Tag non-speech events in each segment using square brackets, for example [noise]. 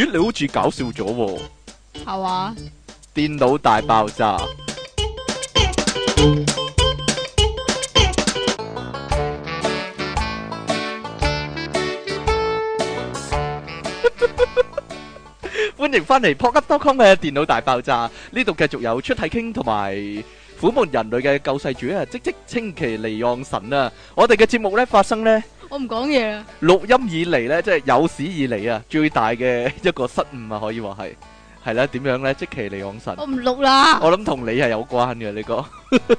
咦，你好似搞笑咗喎！係嘛？電腦大爆炸。歡迎翻嚟 pocket.com 嘅電腦大爆炸，呢度繼續有出體 king 同埋苦悶人類嘅救世主啊！即即稱其離岸神啊！我哋嘅節目咧發生咧。我唔講嘢啦。錄音以嚟咧，即係有史以嚟啊，最大嘅一個失誤啊，可以話係係啦。點樣咧？積淇離岸神，我唔錄啦。我諗同你係有關嘅呢個，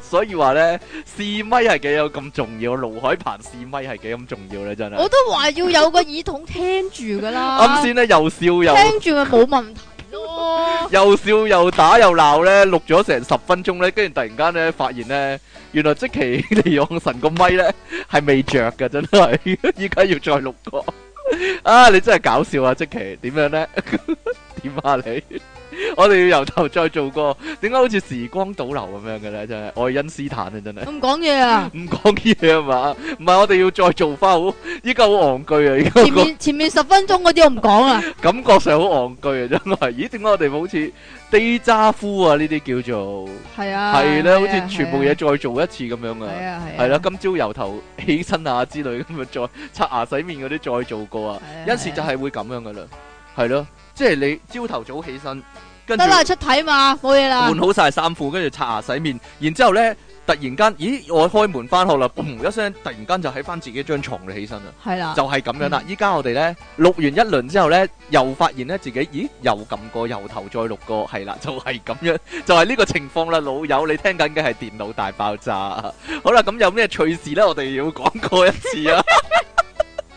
所以話咧，試咪係幾有咁重要，盧海鵬試咪係幾咁重要咧，真係。我都話要有個耳筒聽住噶啦。啱先咧又笑又聽住咪冇問題。 [laughs] 又笑又打又鬧呢，錄咗成十分鐘呢，跟住突然間呢，發現呢，原來積淇離岸 [laughs] 神個咪呢係未着嘅，真係依家要再錄過 [laughs] 啊！你真係搞笑啊！積淇點樣呢？ [laughs] 點啊你！我哋要由頭再做過，點解好似時光倒流咁樣嘅咧？真係愛因斯坦啊，真係唔講嘢啊，唔講嘢啊嘛！唔係我哋要再做翻，好，依家好戇居啊！前面前面十分鐘嗰啲我唔講啊， [laughs] 感覺上好戇居啊，真係！咦，點解我哋好似低渣夫啊，呢啲叫做係啊，係啦，好似全部嘢，再做一次咁樣啊，係啦、啊啊啊，今朝由頭起身啊之類咁啊，再刷牙洗面嗰啲再做過啊，一次、啊、就係會咁樣噶啦，係咯、啊。即係你朝頭早起身，跟住得啦出體嘛冇嘢啦。換好晒衫褲，跟住刷牙洗面，然之後呢突然間，咦，我開門翻學啦，嘣一聲，突然間就喺翻自己張床度起身啦，係啦的，就係咁樣啦。依家、嗯、我哋呢，錄完一輪之後呢，又發現呢，自己，咦又撳過，又頭再錄過，係啦就係、是、咁樣，就係、是、呢個情況啦，老友你聽緊嘅係電腦大爆炸。好啦，咁有咩趣事呢？我哋要講過一次啊，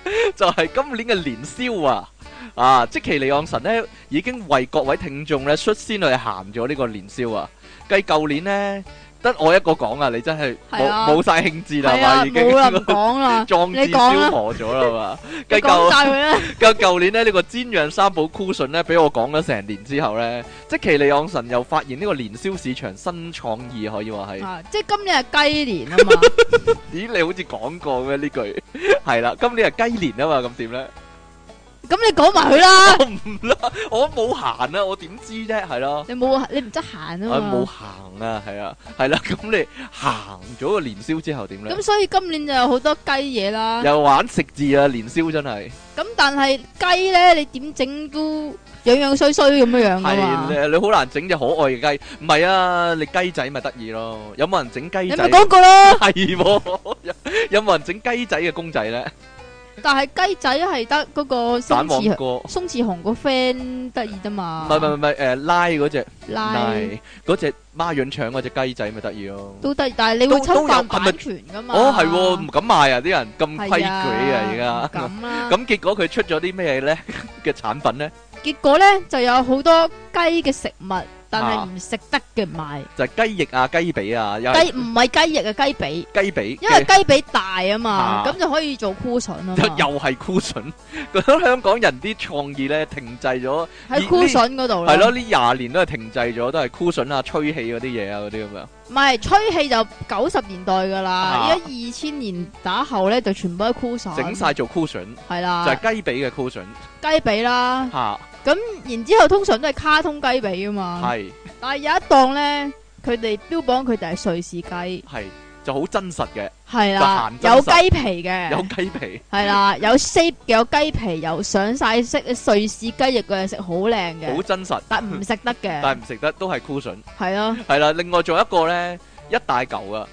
[laughs] [laughs] 就係今年嘅年宵啊。啊！積淇離岸神咧，已經為各位聽眾咧率先去行咗呢個年宵啊！繼舊年呢，得我一個講啊，你真係冇冇晒興致啦，已經冇人講啦，壯志消磨咗啦嘛，你講啦。講晒佢啦！咁舊年呢，呢、這個煎釀三寶 cushion 咧，俾我講咗成年之後呢， [laughs] 積淇離岸神又發現呢個年宵市場新創意，可以話係、啊。即今年係雞年啊嘛？ [laughs] 咦，你好似講過咩呢句？係啦，今年係雞年啊嘛，咁點呢？你講埋佢啦，唔啦，我冇行啊，我點知啫，係咯，你冇你唔得閒啊嘛，冇行啊，係啊，係啦，咁你行咗個年宵之後點咧？咁所以今年就有好多雞嘢啦，又玩食字啊，年宵真係。咁但係雞咧，你點整都樣樣衰衰咁樣樣噶嘛？係你好難整隻可愛嘅雞，唔係啊，你雞仔咪得意咯？有冇人整雞仔？你咪講過咯，係有有冇人整雞仔嘅公仔咧？但係雞仔係得嗰個松子松子雄個 friend 得意啫嘛，唔係唔係唔係，誒拉嗰隻拉嗰隻孖潤腸嗰隻雞仔咪得意咯，都得，但係你會侵犯是是版權噶嘛？哦係，唔敢賣啊，啲人咁規矩啊，而家咁啦，咁 [laughs] 結果佢出咗啲咩咧嘅產品咧？結果咧就有好多雞嘅食物。但係唔食得嘅賣就係雞翼啊雞髀啊雞唔係雞翼嘅雞髀雞髀，因為雞髀、啊、腿大啊嘛，咁、啊、就可以做 cushion 啊又係 cushion。 [laughs] 香港人啲創意咧停滯咗喺 cushion 嗰度，係咯呢廿年都係停滯咗，都係 cushion 啊，吹氣嗰啲嘢啊，嗰啲咁樣。唔係吹氣就九十年代噶啦，一二千年打後咧就全部都係 cushion，整晒做 cushion，係啦，就係雞髀嘅 cushion，雞髀啦。啊咁然之後，通常都係卡通雞髀啊嘛。係，但係有一檔咧，佢哋標榜佢哋係瑞士雞，係就好真實嘅。係啦，有雞皮嘅，有雞皮。係啦，有 shape，有雞皮，有上晒色瑞士雞翼嘅食，好靚嘅。好真實，但唔食得嘅。但係唔食得，都係 cushion。係咯。係啦，另外仲有一個咧，一大嚿啊，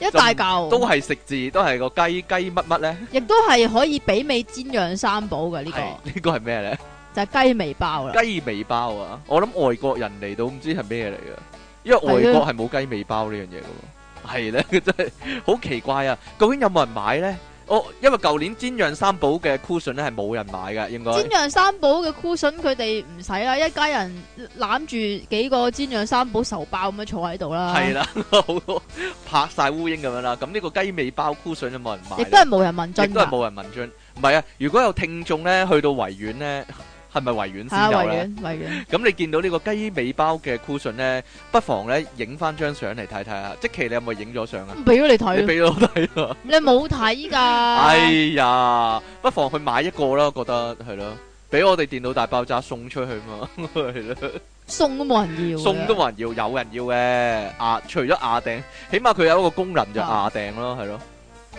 一大嚿都係食字，都係個雞雞乜乜咧。亦都係可以媲美煎釀三寶嘅呢個。呢個係咩咧？就係雞尾包啦，雞尾包啊！我諗外國人嚟到唔知係咩嚟噶，因為外國係冇雞尾包呢樣嘢噶，係咧真係好奇怪啊！究竟有冇人買咧？哦，因為舊年煎釀三寶嘅 cushion 咧係冇人買嘅，應該煎釀三寶嘅 cushion 佢哋唔使啦，一家人攬住幾個煎釀三寶受包咁樣坐喺度啦，係啦，好多拍晒烏蠅咁樣啦。咁呢個雞尾包 cushion 又冇人買，亦都係冇人問津，亦都係冇人問津。唔係啊，如果有聽眾咧，去到維園咧。係咪維園先有咧？嚇，維園，維園、 [laughs] 嗯、你見到呢個雞尾包嘅 cushion 咧，不妨咧影翻張相嚟睇睇啊！即期你有冇影咗相啊？俾咗你睇， [laughs] 俾咗我睇啊。你冇睇㗎。哎呀，不妨去買一個啦，覺得係咯。俾我哋電腦大爆炸送出去嘛，係 [laughs] 咯了。送都冇人要。送都冇人要，有人要嘅牙、啊，除咗牙釘，起碼佢有一個功能就牙釘咯，係咯的。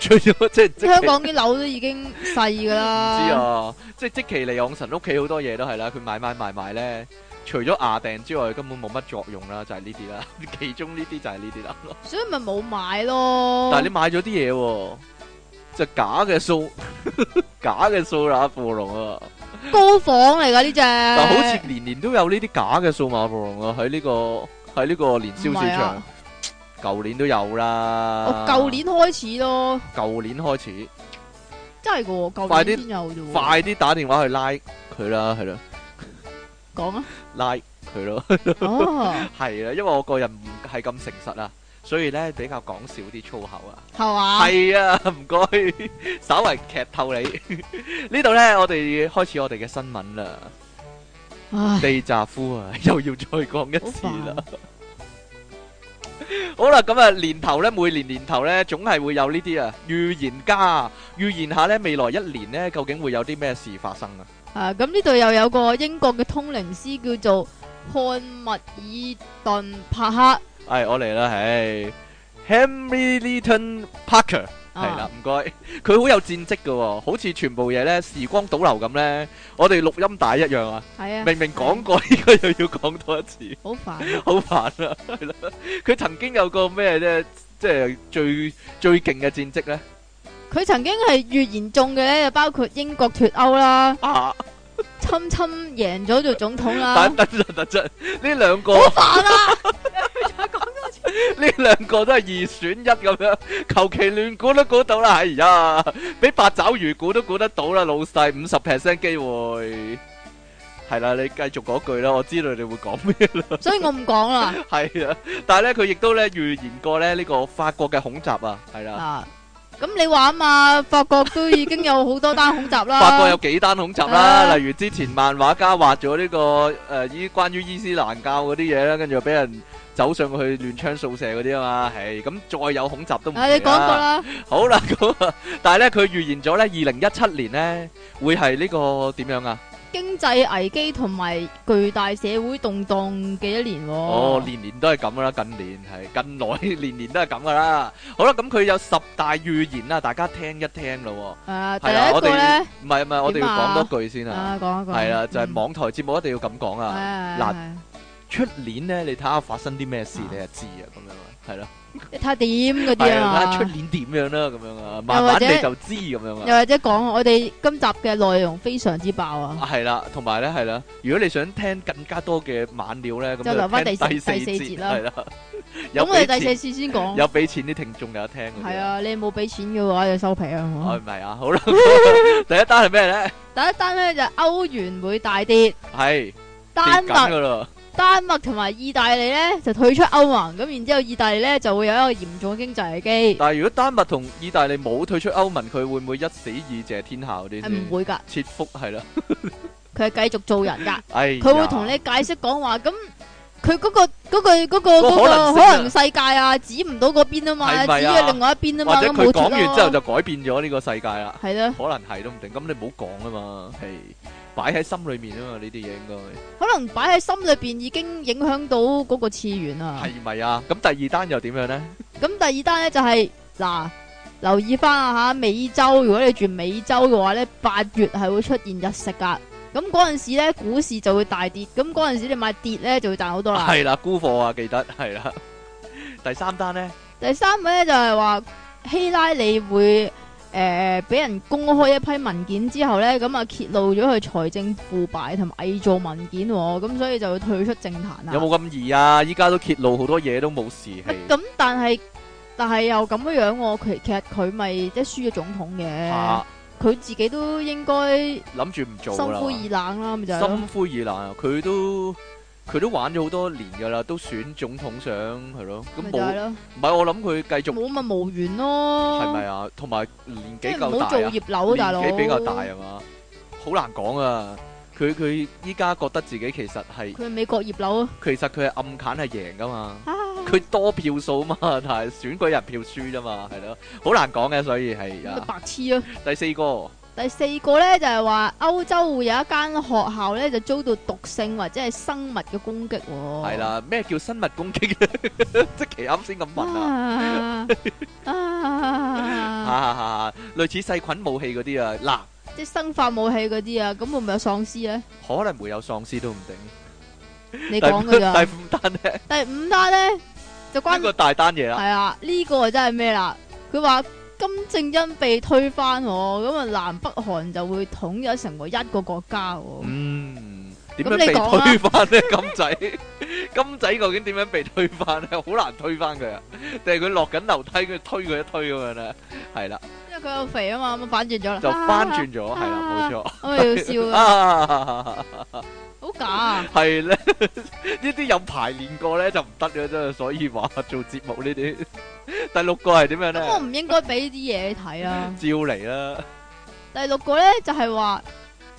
除咗即，即，香港啲樓都已經細噶啦。唔知啊，即即其嚟，我神屋企好多嘢都係啦。佢買買買買咧，除咗牙定之外，根本冇乜作用啦，就係呢啲啦。其中呢啲就係呢啲啦。所以咪冇買咯。但係你買咗啲嘢，即假嘅數，假嘅數碼暴龍啊，就是、 [laughs] 啊高仿嚟噶呢隻。 [laughs] 但好似年年都有呢啲假嘅數碼暴龍啊，喺呢、這個喺呢個年宵市場、啊。舊年都有啦，我舊年開始咯，舊年開始真係噶，舊年先有啫。快啲打電話去拉佢啦，係咯，講啊，拉佢咯。哦，係啊，因為我個人唔係咁誠實啊，所以咧比較講少啲粗口啊。係嘛，係啊，唔該，稍為劇透你呢度咧，我哋開始我哋嘅新聞啦。唉，地扎夫啊，又要再講一次啦。 [laughs] 好啦，咁、嗯、啊，年頭咧，每年年頭咧，總係會有呢啲啊，預言家預言下咧，未來一年咧，究竟會有啲咩事發生啊？誒、啊，咁呢度又有個英國嘅通靈師叫做漢密爾頓帕克，係、哎、我嚟啦，係 Hamilton e Parker。 [laughs] 係啦，唔該，佢好有戰績噶，哦，好似全部嘢咧時光倒流咁咧，我哋錄音帶一樣啊。係啊的，明明講過而家又要講多一次，好煩，好煩啊！係咯，佢曾經有個咩咧，即係最最勁嘅戰績咧。佢曾經係越嚴重嘅咧，包括英國脫歐啦，侵侵贏咗做總統啦。 [laughs] 等等就突出呢兩個。好煩啊！ [laughs] 呢兩個都係二選一咁樣，求其亂估都估到啦，哎呀，俾八爪魚估都估得到啦，老細五十 percent 機會，係啦，你繼續講句啦，我知道你會講咩啦，所以我唔講啦，係啊，但係咧佢亦都咧預言過咧呢個法國嘅恐襲啊，係啦。啊咁你話啊嘛，法國都已經有好多單恐襲啦。法國有幾單恐襲啦，例如之前漫畫家畫咗呢個誒，依關於伊斯蘭教嗰啲嘢咧，跟住又俾人走上去亂槍掃射嗰啲啊嘛，唉，咁再有恐襲都唔驚啦。你講過啦，好啦，但係咧佢預言咗咧，二零一七年咧會係呢個點樣啊？經濟危機同埋巨大社會動盪嘅一年，哦，年年都係咁噶啦近年係近來年年都係咁噶啦好啦，咁佢有十大預言啦，大家聽一聽咯。誒，第一句咧，唔係唔係，我哋要講多句先啊。啊，講一句。係啦，就係網台節目一定要咁講啊。嗱。出年咧，你睇下發生啲咩事，你就知啊，咁樣啊，係咯。睇下點嗰啲啊。睇下出年點樣啦，咁樣啊，慢慢你就知咁樣啊。又或者講我哋今集嘅內容非常之爆啊。係啦，同埋咧，係啦，如果你想聽更加多嘅猛料咧，咁就留翻第第四節啦。係啦。咁我哋第四次先講有俾錢啲聽眾有得聽。係啊，你冇俾錢嘅話就收皮啊。係咪啊？好啦，第一單係咩咧？第一單咧就歐元會大跌。係。跌緊噶咯。丹麥同埋意大利咧就退出歐盟，咁然之後意大利咧就會有一個嚴重經濟危機。但係如果丹麥同意大利冇退出歐盟，佢會唔會一死二謝天下嗰啲？唔會噶，切腹係啦，佢係繼續做人噶。 [laughs] 哎呀，佢會同你解釋講話，咁佢嗰個句、嗰個、嗰個可能世界啊，指唔到嗰邊啊嘛，係係啊指嘅另外一邊啊嘛。或者佢講完之後就改變咗呢個世界啦，係咯的， [laughs] 可能係都唔定。咁你唔好講啊嘛，係。擺喺心裏面啊嘛，呢啲嘢應該可能擺喺心裏邊已經影響到嗰個次元啊。係咪啊？咁第二單又點樣呢？咁第二單呢，就係，嗱，留意翻啊吓，美洲如果你住美洲嘅話呢，八月係會出現日食噶，咁嗰陣時咧股市就會大跌，咁嗰陣時你買跌呢，就會賺好多啦。係啦，沽貨啊，記得係啦。 [laughs] 第三單呢，第三個呢，就係話希拉里會誒、俾、呃、人公開一批文件之後咧，咁啊揭露咗佢財政腐敗同埋偽造文件，哦，咁所以就退出政壇啦。有冇咁易啊？依家都揭露好多嘢都冇事。咁、啊、但係，但係又咁樣，哦，其其實佢咪即係輸咗總統嘅，佢、啊、自己都應該諗住唔做。心灰意冷啦，咪就係心灰意冷，佢都。佢都玩咗好多年噶啦，都選總統上就是就是想係咯，咁冇唔係我諗佢繼續冇咪無緣咯，係咪啊？同埋年紀夠大啊？唔做業樓大佬，比較大係嘛？好難講啊！佢佢依家覺得自己其實係佢美國業樓、啊，其實佢暗揀係贏噶嘛，佢 [laughs] 多票數嘛，但係選舉人票輸啫嘛，係咯，好難講嘅，所以係白痴啊！第四個。第四個咧，就係話歐洲會有一間學校咧，就遭到毒性或者係生物嘅攻擊。係啦，咩叫生物攻擊？即奇啱先咁問啊啊啊啊啊！吓吓吓，類似細菌武器嗰啲啊，嗱，即生化武器嗰啲啊，咁會唔會有喪屍咧？可能會有喪屍都唔定。你講噶咋？第五單咧？第五單咧，就關個大單嘢啦！係啊，呢個真係咩啦？佢話。金正恩被推翻，咁啊南北韓就會統一成為一個國家。嗯，點樣被推翻呢？啊、金仔，金仔究竟點樣被推翻咧？好難推翻佢啊！定係佢落緊樓梯，佢推佢一推咁樣咧？係啦。佢又肥啊嘛，咁反轉咗啦，就翻轉咗係啦，冇錯，我要笑啊， [laughs] 好假啊，係咧，呢啲有排練過咧就唔得嘅啫，所以話做節目呢啲，第六個係點樣咧？我唔應該俾啲嘢睇啦， [laughs] 照嚟啦吧。第六個咧就係話，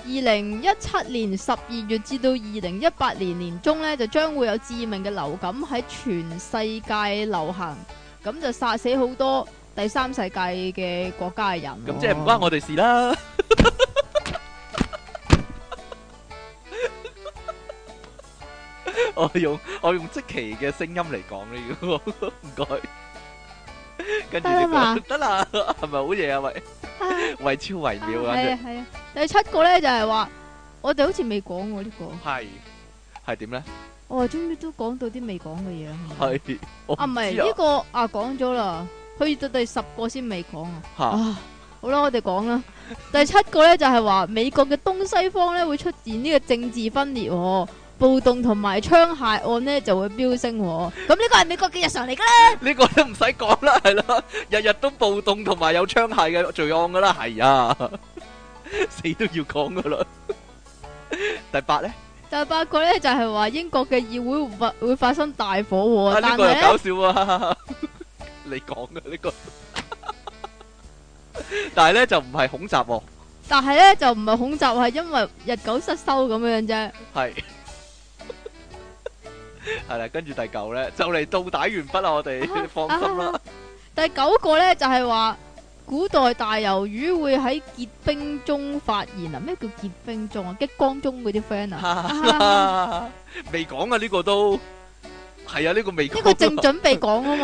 二零一七年十二月至到二零一八年年中咧就將會有致命嘅流感喺全世界流行，咁就殺死好多。第三世界嘅國家嘅人，咁即係唔關我哋事啦。我用我用積淇嘅聲音嚟講呢個，唔該。跟住得啦，得啦，係咪好嘢啊？為為超為鳥啊！係啊係啊。第七個咧就係話，我哋好似未講過呢個。係係點咧？我終於都講到啲未講嘅嘢啦。係啊，唔係呢個啊講咗啦。可以到第十個先未講啊！哈啊，好啦，我哋講啦。 [laughs] 第七個咧就係、是、話美國嘅東西方咧會出現呢個政治分裂，哦、暴動同埋槍械案呢就會飆升，哦。咁呢 [laughs] 個係美國嘅日常嚟噶啦，呢個都唔使講啦，係咯，日日都暴動同埋有槍械嘅罪案噶啦，係啊， [laughs] 死都要講噶啦。 [laughs] 第八咧呢？第八個咧就係、是、話英國嘅議會發會發生大火，哦，但呢啊、這個、搞笑啊。 [laughs] 你講嘅呢個，但係咧就唔係恐襲哦。但係咧就唔係恐襲，係因為日久失修咁樣啫。係，係啦，跟住第九咧就嚟到底完畢啦，我哋你放心啦。第九個咧就係話古代大魷魚會喺結冰中發現啊？咩叫結冰中啊？激光中嗰啲 friend 啊？未講啊呢個都。係啊，呢個未呢個正準備講啊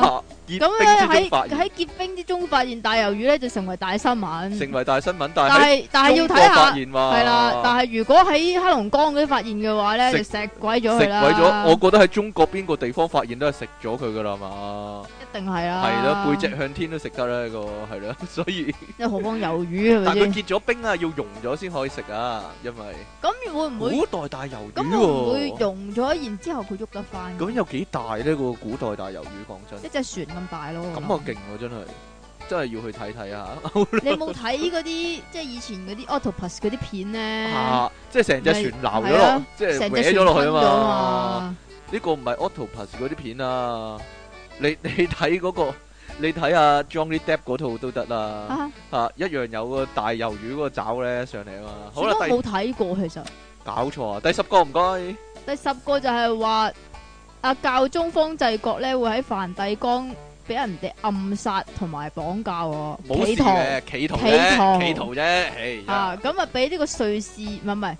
嘛。咁咧喺喺結冰之中發現大魷魚咧，就成為大新聞。成為大新聞，但係但係要睇下發現係啦。但係如果喺黑龍江嗰啲發現嘅話咧，就食鬼咗佢啦。食鬼咗，我覺得喺中國邊個地方發現都係食咗佢噶啦嘛。一定係啦。係咯，背脊向天都食得啦，個係咯。所以，更何況魷魚係咪先？但佢結咗冰啊，要融咗先可以食啊，因為咁會唔會古代大魷魚咁會唔會融咗，然之後佢喐得翻？咁、嗯、有幾大呢？個古代大魷魚，講真，一隻船咁大咯。咁啊勁喎，真係真係要去睇睇、 [laughs] [laughs] 啊、下。你有冇睇嗰啲即係以前嗰啲 Octopus 嗰啲片咧？吓？即係成隻船撈咗落，即係搲咗落去啊嘛！呢、啊、個唔係 Octopus 嗰啲片啊，你你睇嗰、嗰個，你睇下、啊、Johnny Depp 嗰套都得啦。吓、啊啊，一樣有個大魷魚嗰個爪咧上嚟啊嘛。好我都冇睇過，其實。搞錯啊！第十個唔該。第十個就係話。啊！教宗方濟各咧會喺梵蒂岡俾人哋暗殺同埋綁架喎，冇事嘅，企圖咧，企圖啫。啊，咁啊，俾呢個瑞士唔係唔係，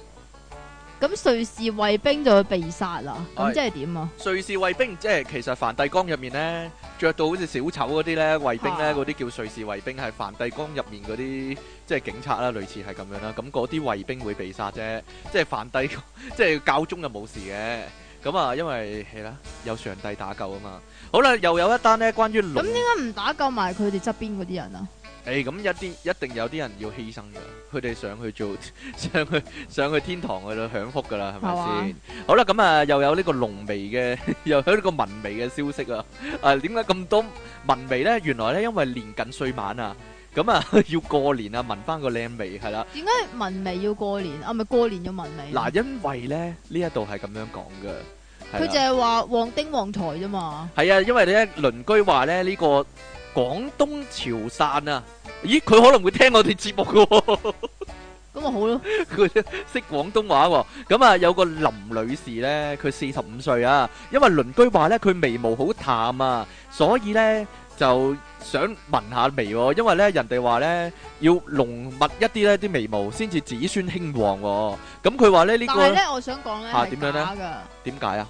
咁瑞士衛兵就會被殺啦。咁即係點啊？瑞士衛兵即係其實梵蒂岡入面咧，着到好似小丑嗰啲咧衛兵咧，嗰啲叫瑞士衛兵，係梵蒂岡入面嗰啲即係警察啦，類似係咁樣啦。咁嗰啲衛兵會被殺啫，即係梵蒂即係教宗就冇事嘅。咁啊，因為係啦，有上帝打救啊嘛。好啦，又有一單咧，關於龍。咁點解唔打救埋佢哋側邊嗰啲人啊？誒，咁有啲一定有啲人要犧牲噶，佢哋上去做，上去上去天堂去享福噶啦，係咪先？好啦，咁啊又有呢個濃眉嘅，又有呢個紋眉嘅消息啊！誒，點解咁多紋眉咧？原來咧因為年近歲晚啊，咁啊要過年啊紋翻個靚眉係啦。點解紋眉要過年啊？咪過年要紋眉？嗱，因為咧呢一度係咁樣講噶。佢就係話旺丁旺財啫嘛。係啊，因為咧鄰居話咧呢、這個廣東潮汕啊，咦佢可能會聽我哋節目嘅喎、哦。咁 [laughs] 啊好咯，佢識 [laughs] 廣東話喎、哦。咁、嗯、啊有個林女士呢，佢四十五歲啊，因為鄰居話呢，佢眉毛好淡啊，所以呢。就想紋下眉，因為咧人哋話咧要濃密一啲咧啲眉毛，先至子孫興旺。咁佢話咧呢，但係咧我想講咧係假噶。點解啊？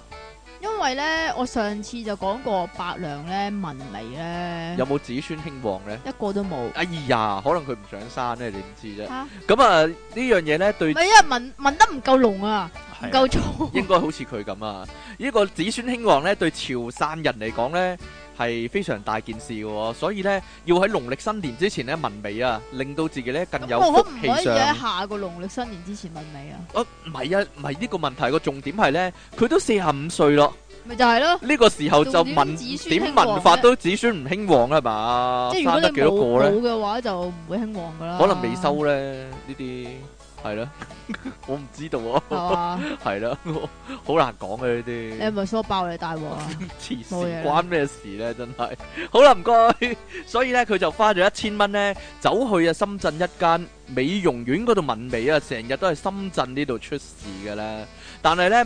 因為咧我上次就講過，伯娘咧紋眉咧，有冇子孫興旺咧？一個都冇。哎呀，可能佢唔想生咧，你唔知啫。咁啊呢樣嘢咧對，因為紋紋得唔夠濃啊，唔夠粗，應該好似佢咁啊。呢個子孫興旺咧，對潮汕人嚟講咧，係非常大件事嘅喎，所以咧要喺農曆新年之前咧紋眉啊，令到自己咧更有福氣。可唔可以喺下個農曆新年之前紋眉啊？啊，唔係啊，唔係呢個問題，個重點係咧，佢都四十五歲咯。咪就係咯，呢個時候就問點文法都子孫唔興旺啦嘛，生得幾多個咧？冇嘅話就唔會興旺噶啦。可能未收咧呢啲，係咯，我唔知道啊。係啊，係啦，好難講嘅呢啲。你係咪衰爆你大鑊啊？黐線關咩事咧？真係好啦，唔該。所以咧，佢就花咗一千蚊咧，走去啊深圳一間美容院嗰度紋眉啊，成日都係深圳呢度出事噶啦。但係咧。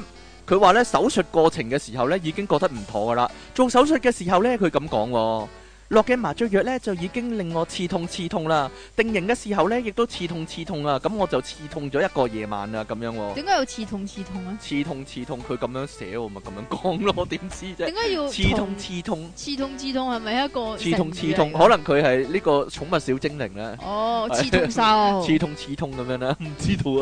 佢話咧，手術過程嘅時候咧，已經覺得唔妥㗎喇。做手術嘅時候咧，佢咁講。落嘅麻醉藥咧就已經令我刺痛刺痛啦，定型嘅時候咧亦都刺痛刺痛啊！咁我就刺痛咗一個夜晚啊，咁樣喎。點解要刺痛刺痛啊？刺痛刺痛，佢咁樣寫，我咪咁樣講咯，我點知啫？點解要刺痛刺痛？刺痛刺痛係咪一個？刺痛刺痛，可能佢係呢個寵物小精靈啦。哦，刺痛曬！刺痛刺痛咁樣啦，唔知道啊。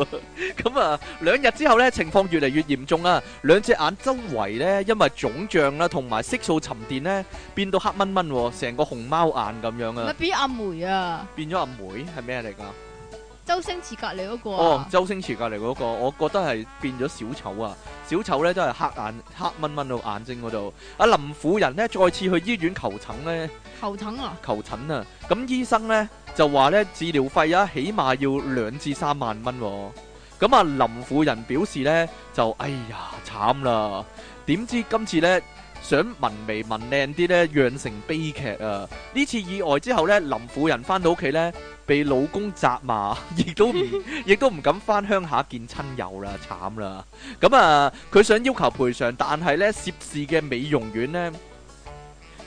咁啊，兩日之後咧，情況越嚟越嚴重啊！兩隻眼周圍咧，因為腫脹啦，同埋色素沉澱咧，變到黑蚊蚊成個熊貓眼咁樣啊！咪變咗阿梅啊！變咗阿梅係咩嚟噶？周星馳隔籬嗰個哦、啊，oh, 周星馳隔籬嗰、嗰個，我覺得係變咗小丑啊！小丑咧都係黑眼黑蚊蚊到眼睛嗰度。阿林婦人呢，再次去醫院求診呢？求診啊！求診啊！咁醫生呢，就話呢治療費啊起碼要兩至三萬蚊，啊。咁啊林婦人表示呢，就哎呀慘啦！點知今次呢？想紋眉紋靚啲咧，釀成悲劇啊！呢次意外之後咧，林婦人翻到屋企咧，被老公責罵，亦都亦都唔敢翻鄉下見親友啦，慘啦！咁啊，佢想要求賠償，但係咧，涉事嘅美容院咧，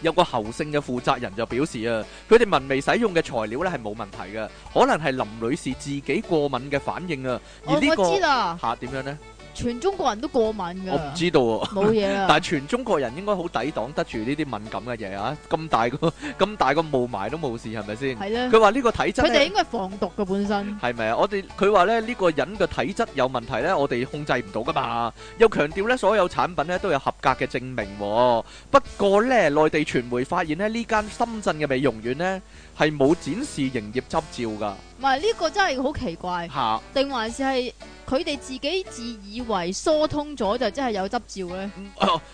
有個侯姓嘅負責人就表示啊，佢哋紋眉使用嘅材料咧係冇問題嘅，可能係林女士自己過敏嘅反應啊。而呢個，我知啦，吓點樣咧？全中國人都過敏嘅，我唔知道啊，冇嘢，啊。 [laughs] 但係全中國人應該好抵擋得住呢啲敏感嘅嘢啊！咁大個咁大個霧霾都冇事，係咪先？係啊呢，佢話呢個體質，佢哋應該防毒嘅本身係咪啊？我哋佢話咧呢，這個人嘅體質有問題咧，我哋控制唔到噶嘛。又強調咧，所有產品咧都有合格嘅證明，哦。不過咧內地傳媒發現咧，呢間深圳嘅美容院咧。係冇展示營業執照噶，唔係呢個真係好奇怪，定還是係佢哋自己自以為疏通咗就真係有執照咧？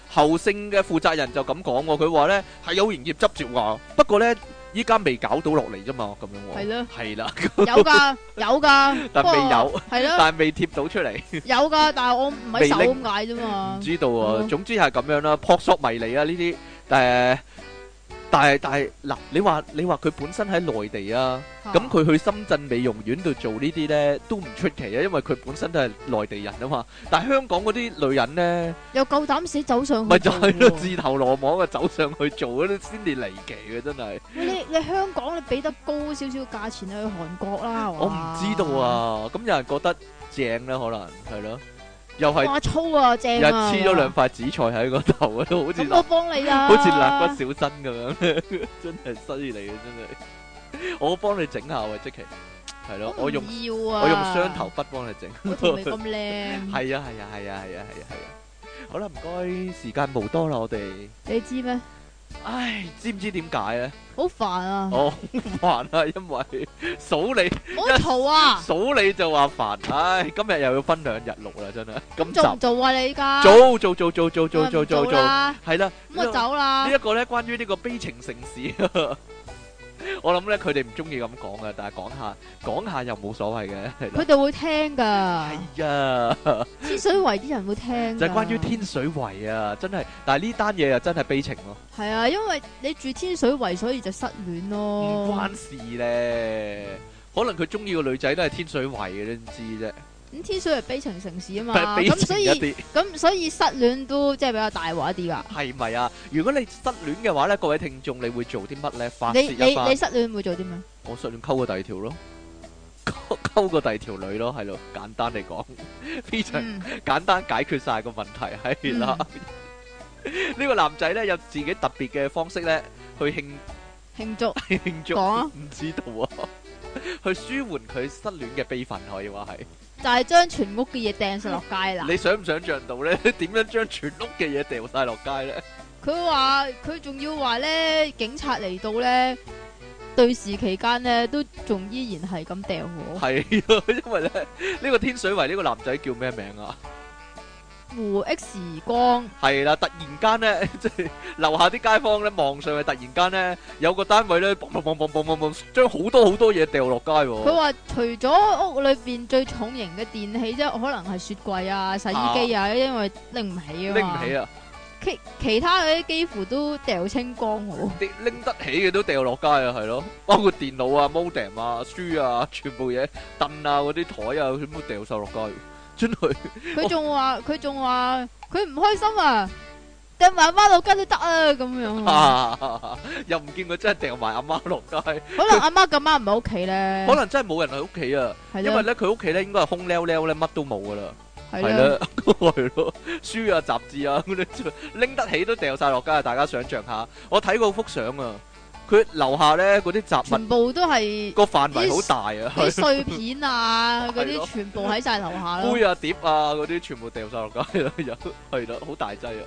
侯姓嘅負責人就咁講，佢話咧係有營業執照啊，不過咧依家未搞到落嚟啫嘛，咁樣係咯，係啦，有噶有噶，不過未有係咯，但係未貼到出嚟，有噶，但係我唔係手咁解啫嘛，唔知道啊，總之係咁樣啦，撲朔迷離啊呢啲誒。但係但係嗱，你話你話佢本身喺內地啊，咁佢去深圳美容院度做呢啲咧，都唔出奇啊，因為佢本身都係內地人啊嘛。但係香港嗰啲女人咧，又夠膽死走上去，咪就係咯，自投羅網啊，走上去做嗰啲先至離奇嘅，真係。你你香港你俾得高少少價錢去韓國啦，我唔知道啊。咁有人覺得正咧，可能係咯。又係粗啊，正啊！又黐咗兩塊紫菜喺個頭啊， [laughs] 都好似我幫你啊， [laughs] 好似蠟筆小新咁樣， [laughs] 真係犀利啊！真係，我幫你整下喂，即其係咯，我用，啊、我用雙頭筆幫你整，都唔係咁靚。係 [laughs] 啊係啊係啊係啊係啊係啊！好啦，唔該，時間冇多啦，我哋你知咩？唉，知唔知點解好煩啊？Oh, 好煩嘲啊！好煩啊，因為數你冇嘈啊！數你就話煩，唉，今日又要分兩日錄啦，真係咁做唔做啊你？你依家做做做做做做做做做，做！係啦。咁樣我走啦！呢一個咧，關於呢個悲情城市。 [laughs] 我諗咧，佢哋唔中意咁講噶，但係講下講下又冇所謂嘅。佢哋會聽噶，係啊是的， [laughs] 天水圍啲人會聽。就係關於天水圍啊，真係，但係呢單嘢又真係悲情咯，啊。係啊，因為你住天水圍，所以就失戀咯。唔關事咧，可能佢中意個女仔都係天水圍嘅，你唔知啫。天水係悲情城市啊嘛，咁所以咁所以失戀都即係比較大話一啲噶。係咪啊？如果你失戀嘅話咧，各位聽眾，你會做啲乜咧？發洩一番。你你你失戀會做啲咩？我失戀溝過第二條咯，溝溝過第二條女咯，係咯。簡單嚟講，非常簡單解決晒個問題係啦。呢個男仔咧，有自己特別嘅方式咧去慶慶祝，慶祝。唔知道啊？去舒緩佢失戀嘅悲憤，可以話係。就係將全屋嘅嘢掟上落街啦！你想唔想象到咧？點樣將全屋嘅嘢掉晒落街咧？佢話佢仲要話咧，警察嚟到咧，對峙期間咧，都仲依然係咁掉我。係咯，因為咧，呢個天水圍呢個男仔叫咩名啊？戶 X 光係啦， [noise] [noise] 突然間咧，即係樓下啲街坊咧望上去，突然間咧有個單位咧，嘣嘣嘣嘣嘣嘣，將好多好多嘢掉落街。佢話除咗屋裏邊最重型嘅電器啫，可能係雪櫃啊、洗衣機啊，因為拎唔起,起啊。拎唔起啊！其其他嗰啲幾乎都掉清光喎。拎得起嘅都掉落街啊，係咯，包括電腦啊、modem 啊、書啊，全部嘢凳啊、嗰啲台啊，全部掉晒落街。佢佢仲話佢仲話佢唔開心啊，掟埋阿媽落街都得啊咁樣，又唔見佢真係掟埋阿媽落街。可能阿媽咁啱唔喺屋企咧，可能真係冇人喺屋企啊。因為咧佢屋企咧應該係空嘞嘞咧，乜都冇噶啦，係啦，咁咪囉，書啊、雜誌啊，拎得起都掉晒落街啊！大家想象下，我睇過幅相啊。佢樓下咧嗰啲雜物，全部都係個範圍好大啊！啲碎片啊，嗰啲全部喺晒樓下啦。杯啊碟啊嗰啲全部掉晒落街啦，又係啦，好大劑啊！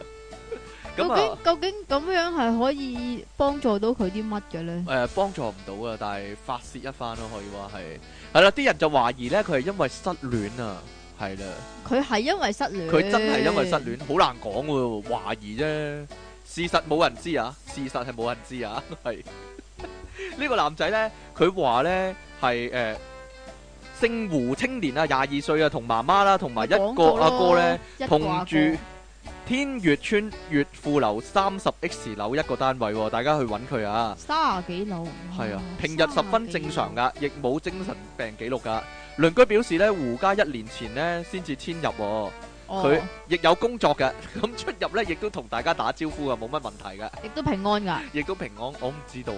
究竟究竟咁樣係可以幫助到佢啲乜嘅咧？誒，幫助唔到啊，但係發洩一番咯，可以話係係啦。啲人就懷疑咧，佢係因為失戀啊，係啦。佢係因為失戀，佢真係因為失戀，好難講喎，懷疑啫。事實冇人知啊！事實係冇人知啊！係呢 [laughs] 個男仔呢，佢話呢係誒姓胡青年啊，廿二歲啊，同媽媽啦，同埋一個阿哥，哥呢，同住天悦村悦富樓三十 X 樓一個單位喎，大家去揾佢啊！三十幾樓？係啊，平日十分正常㗎，亦冇精神病記錄㗎。鄰居表示呢，胡家一年前呢先至遷入啊。佢亦有工作嘅，咁出入咧亦都同大家打招呼啊，冇乜問題噶，亦都平安噶，亦都平安，我唔知道。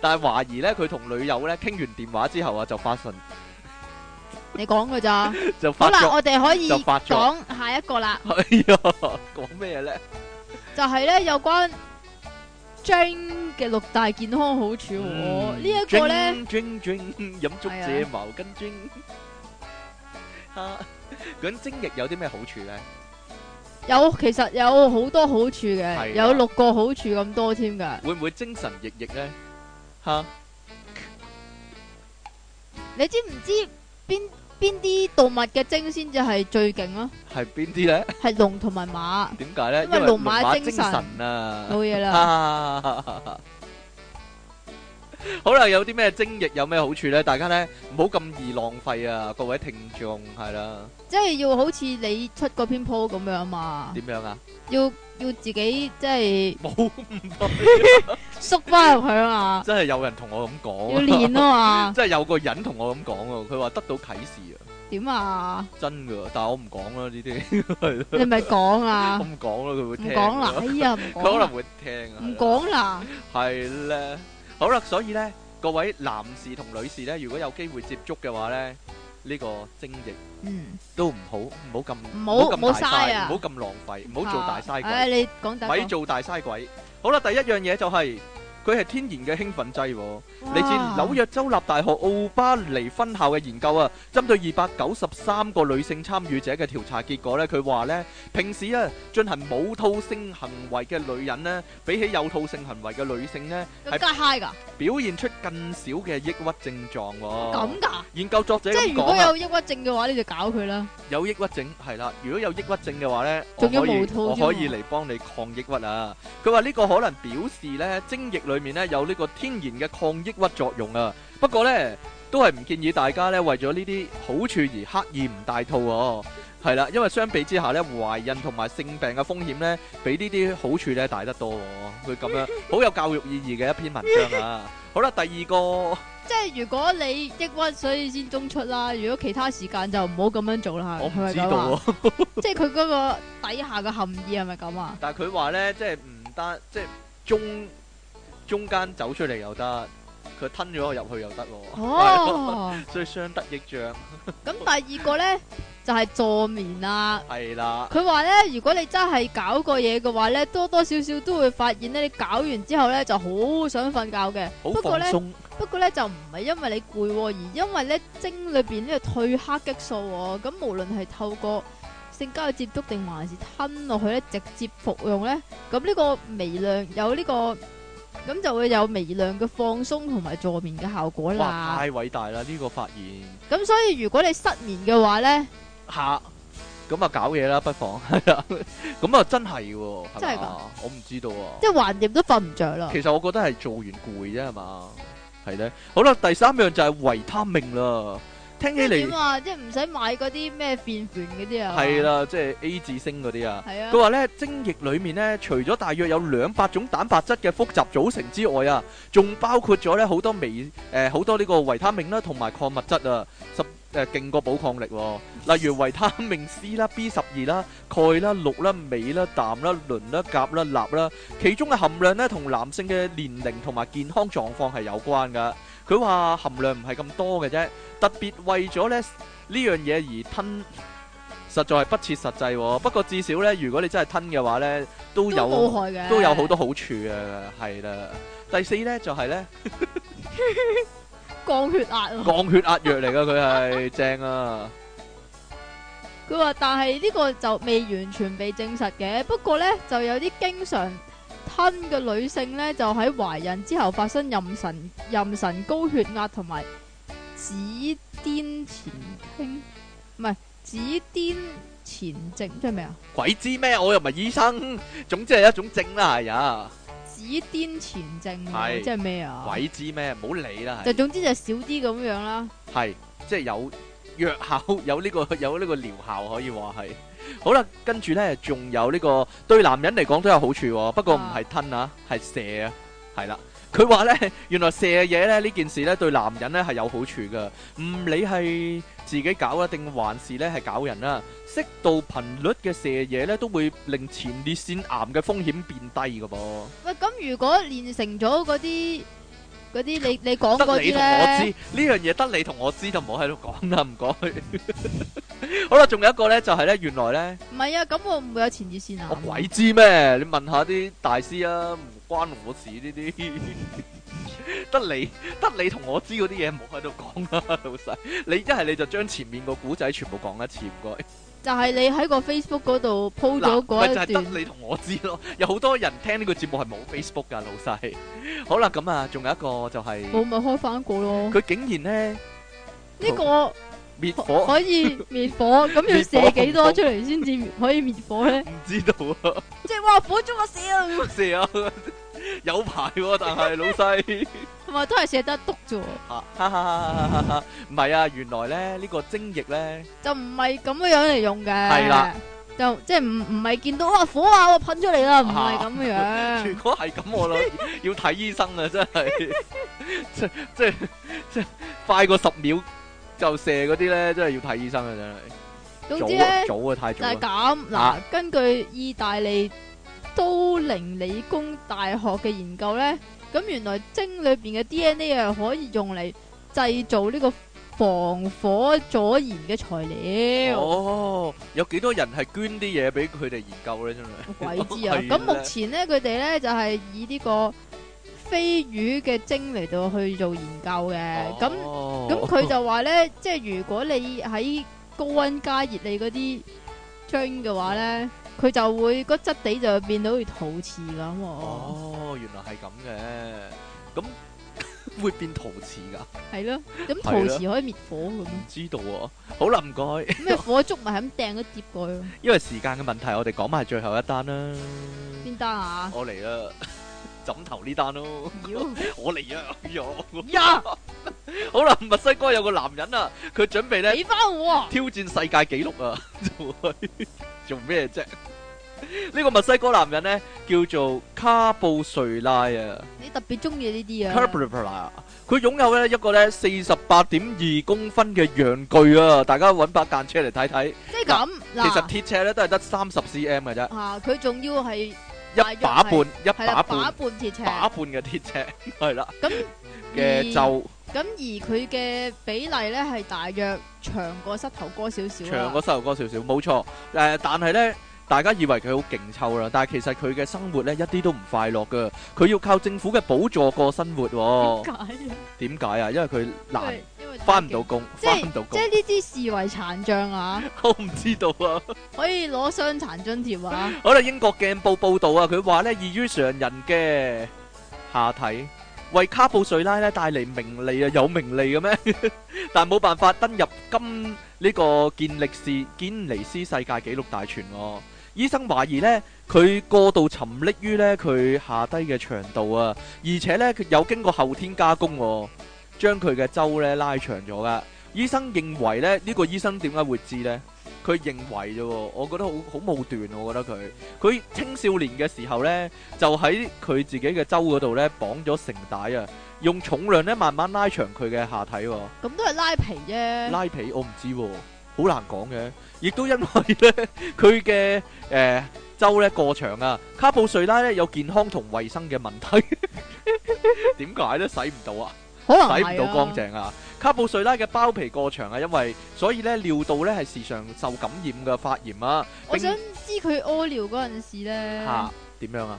但係懷疑咧，佢同女友咧傾完電話之後啊，就發信。你講噶咋？就好啦，我哋可以講下一個啦。係啊，講咩咧？就係咧有關薑嘅六大健康好處。呢一個咧，蒸蒸飲足蔗茅根薑。究竟精液有啲咩好處呢？有，其實有好多好處嘅，有六個好處咁多添噶。會唔會精神奕奕呢？吓！你知唔知邊邊啲動物嘅精先至係最勁啊？係邊啲呢？係龍同埋馬。點解呢？因為龍馬精神啊！冇嘢啦。好啦，有啲咩精液有咩好處呢？大家呢唔好咁易浪費啊！各位聽眾係啦。即係要好似你出嗰篇 post 咁樣嘛？點樣啊？要要自己即係冇唔對，縮翻入去啊嘛！真係有人同我咁講，要練啊嘛！即係有個人同我咁講啊，佢話得到啟示啊！點啊？真噶，但係我唔講啦呢啲，你咪講啊！我唔講咯，佢會聽，唔講啦？哎呀，唔講啦！可能會聽啊？唔講啦？係咧，好啦，所以咧，各位男士同女士咧，如果有機會接觸嘅話咧。呢個精液，嗯，都唔好，唔好咁，唔好咁嘥啊，唔好咁浪費，唔好、啊、做大嘥鬼，唔好、啊哎、做大嘥鬼。好啦，第一樣嘢就係、是。佢係天然嘅興奮劑，嚟自紐約州立大學奧巴尼分校嘅研究啊，針對二百九十三個女性參與者嘅調查結果咧，佢話咧平時啊進行冇套性行為嘅女人咧，比起有套性行為嘅女性咧，係更加 high，噶，表現出更少嘅抑鬱症狀喎。咁噶？研究作者即係如果有抑鬱症嘅話，你就搞佢啦。有抑鬱症係啦，如果有抑鬱症嘅話咧，仲有冇套啫。我可以嚟幫你抗抑鬱啊。佢話呢個可能表示咧精液。裏面咧有呢個天然嘅抗抑鬱作用啊，不過咧都係唔建議大家咧為咗呢啲好處而刻意唔戴套哦。係啦，因為相比之下咧懷孕同埋性病嘅風險咧比呢啲好處咧大得多。佢咁樣好有教育意義嘅一篇文章啊。好啦，第二個即係如果你抑鬱，所以先中出啦。如果其他時間就唔好咁樣做啦，我知道，係咪咁啊？即係佢嗰個底下嘅含義係咪咁啊？但係佢話咧，即係唔單即係中。中間走出嚟又得，佢吞咗我入去又得喎，啊、 [laughs] 所以相得益彰。咁第二個呢，就係、是、助眠啦，係啦。佢話呢，如果你真係搞過嘢嘅話呢，多多少少都會發現呢，你搞完之後呢，就好想瞓覺嘅。好放鬆。不過呢，不過呢，就唔係因為你攰，啊，而因為呢精裏邊呢個褪黑激素，啊。咁無論係透過性交嘅接觸定還是吞落去呢，直接服用呢，咁呢個微量有呢、這個。咁就會有微量嘅放鬆同埋助眠嘅效果啦。哇！太偉大啦，呢個發現。咁所以如果你失眠嘅話咧，吓，咁啊搞嘢啦，不妨係啊。咁啊真係嘅，真係噶，我唔知道啊。即係橫掂都瞓唔着啦。其實我覺得係做完攰啫，係嘛，係咧。好啦，第三樣就係維他命啦。聽起嚟、點啊，即係唔使買嗰啲咩變款嗰啲啊！係啦、啊，即、就、係、是、A 字星嗰啲啊！佢話咧，精液裏面咧，除咗大約有兩百種蛋白質嘅複雜組成之外啊，仲包括咗咧好多微誒好、呃、多呢個維他命啦，同埋礦物質啊。誒，勁過補抗力，例如維他命 C 啦、B 十二啦、鈣啦、氯啦、鎂啦、氮啦、磷啦、鉀啦、鈉啦，其中嘅含量呢，同男性嘅年齡同埋健康狀況係有關噶。佢話含量唔係咁多嘅啫，特別為咗呢呢樣嘢而吞，實在係不切實際。不過至少呢，如果你真係吞嘅話呢，都有都有好多好處啊，係啦。第四呢就係呢。降血壓咯，降血壓藥嚟㗎佢係正啊！佢話但係呢個就未完全被證實嘅，不過呢，就有啲經常吞嘅女性呢，就喺懷孕之後發生妊娠，妊娠高血壓同埋子癲前傾，唔係子癲前症，即係咩啊？鬼知咩？我又唔係醫生，總之係一種症啦，係啊。子癲前症，即係咩啊？鬼知咩？唔好理啦。就總之就少啲咁樣啦。係，即、就、係、係、有藥效，有呢、呢個有呢個療效可以話係。 [laughs] 好啦，跟住咧仲有呢、呢個對男人嚟講都有好處，哦，啊、不過唔係吞啊，係射啊，係啦。佢話咧，原來射嘢咧呢件事咧對男人咧係有好處噶，唔理係自己搞啦，定還是咧係搞人啦，適度頻率嘅射嘢咧都會令前列腺癌嘅風險變低噶噃。喂，咁如果練成咗嗰啲嗰啲，你你講嗰啲咧，呢樣嘢得你同我知就唔好喺度講啦，唔該。好啦，仲有一個咧，就係咧，原來咧，唔係啊，咁會唔會有前列腺癌。我鬼知咩？你問下啲大師啊。關我事呢啲，得你得你同我知嗰啲嘢，唔好喺度講啦，老細。你一係你就將前面個古仔全部講一次，唔該。就係你喺個 Facebook 嗰度 po 咗嗰一段。咪就係得你同我知咯，有好多人聽呢個節目係冇 Facebook 噶，老細。好啦，咁啊，仲有一個就係我咪開翻個咯。佢竟然咧呢個滅火可以滅火，咁要射幾多出嚟先至可以滅火咧？唔知道啊！即係話，火中我射啊！有排，但係老細同埋都係射得篤啫，哈哈哈哈哈！唔係啊，原來咧呢個精液咧就唔係咁樣嚟用嘅，係啦，就即係唔唔係見到哇火啊噴出嚟啦，唔係咁樣。如果係咁，我咯要睇醫生啊，真係即即即快過十秒就射嗰啲咧，真係要睇醫生啊，真係早早啊，太早。就係咁嗱，根據意大利。都靈理工大學嘅研究咧，咁原來精裏邊嘅 DNA 又可以用嚟製造呢個防火阻燃嘅材料。哦，有幾多人係捐啲嘢俾佢哋研究咧？真係鬼知啊！咁 [laughs] 目前咧，佢哋咧就係、是、以呢個飛魚嘅精嚟到去做研究嘅。咁咁佢就話咧，哦、即係如果你喺高溫加熱你嗰啲精嘅話咧。佢就會個質地就會變到好似陶瓷咁喎。哦，原來係咁嘅，咁會變陶瓷噶。係咯，咁陶瓷可以滅火嘅。知道喎，好啦，唔該。咁咪火燭咪係咁掟咗碟過去。因為時間嘅問題，我哋講埋最後一單啦。邊單啊？我嚟啦，枕頭呢單咯。我嚟啊！呀，好啦，墨西哥有個男人啊，佢準備咧，俾翻我挑戰世界紀錄啊！做咩啫？呢個墨西哥男人咧叫做卡布瑞拉啊！你特別中意呢啲啊！卡布瑞拉佢擁有咧一個咧四十八點二公分嘅陽具啊！大家搵把間車嚟睇睇，即係咁。啊、其實鐵尺咧都係得三十 cm 嘅啫。啊！佢仲要係一把半，一把半，鐵尺，把半嘅鐵尺係啦。咁嘅就咁，而佢嘅 [laughs] 比例咧係大約長過膝頭哥少少，長過膝頭哥少少，冇錯。誒，但係咧。大家以為佢好勁抽啦，但係其實佢嘅生活呢一啲都唔快樂㗎。佢要靠政府嘅補助過生活。點解，點解啊？因為佢難返唔到工，返唔到工。即係呢啲視為殘障啊！我唔知道啊。可以攞傷殘津貼啊？好啦，英國鏡報報導啊，佢話呢異於常人嘅下體，為卡布瑞拉呢帶嚟名利啊，有名利嘅咩？但係冇辦法登入今呢個健力士堅尼斯世界紀錄大全喎。醫生懷疑呢，佢過度沉溺於呢，佢下低嘅長度啊，而且呢，佢有經過後天加工，啊，將佢嘅周呢拉長咗噶。醫生認為呢，呢、呢個醫生點解會知呢？佢認為啫，我覺得好好武斷啊，我覺得佢佢青少年嘅時候呢，就喺佢自己嘅周嗰度呢綁咗繩帶啊，用重量呢慢慢拉長佢嘅下體，啊。咁都係拉皮啫。拉皮我唔知，啊。好難講嘅，亦都因為咧，佢嘅誒，周咧過長啊。卡布瑞拉咧有健康同衛生嘅問題，點解咧洗唔到啊？可能洗唔到乾淨啊。卡布瑞拉嘅包皮過長啊，因為所以咧尿道咧係時常受感染嘅發炎啊。我想知佢屙尿嗰陣時咧吓點樣啊？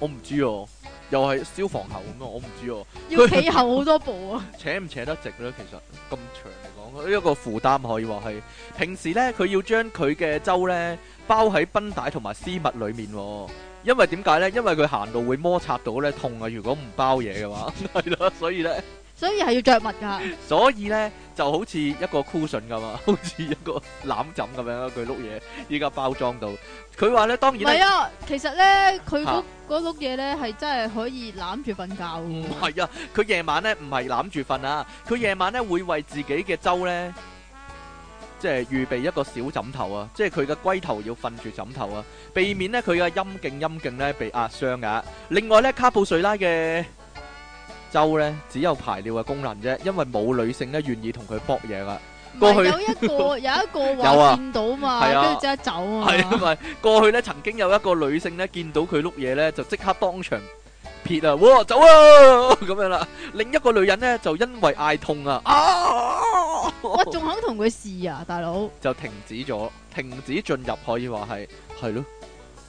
我唔知喎，又係消防喉咁樣，我唔知喎。要企後好多步啊？扯唔扯得直咧？其實咁長。一個負擔可以話係，平時呢佢要將佢嘅周呢包喺繃帶同埋絲襪裏面，哦，因為點解呢？因為佢行路會摩擦到呢痛啊！如果唔包嘢嘅話，係咯， [laughs] [laughs] 所以呢。 [laughs] 所以係要著物噶，所以咧就好似一個 cushion 咁啊，好似一個攬枕咁樣，佢碌嘢依家包裝到。佢話咧，當然唔係啊，其實咧佢嗰嗰碌嘢咧係真係可以攬住瞓覺。係啊，佢夜晚咧唔係攬住瞓啊，佢夜晚咧會為自己嘅周咧即係預備一個小枕頭啊，即係佢嘅龜頭要瞓住枕頭啊，避免咧佢嘅陰莖陰莖咧被壓傷啊。另外咧，卡布瑞拉嘅。周咧只有排尿嘅功能啫，因為冇女性咧願意同佢搏嘢噶。過去有一個有一個話見到嘛，跟住即刻走啊。係啊，咪過去咧曾經有一個女性咧見到佢碌嘢咧就即刻當場撇啊，哇，走啊咁樣啦。另一個女人咧就因為嗌痛啊，我仲肯同佢試啊，大佬就停止咗，停止進入可以話係係咯。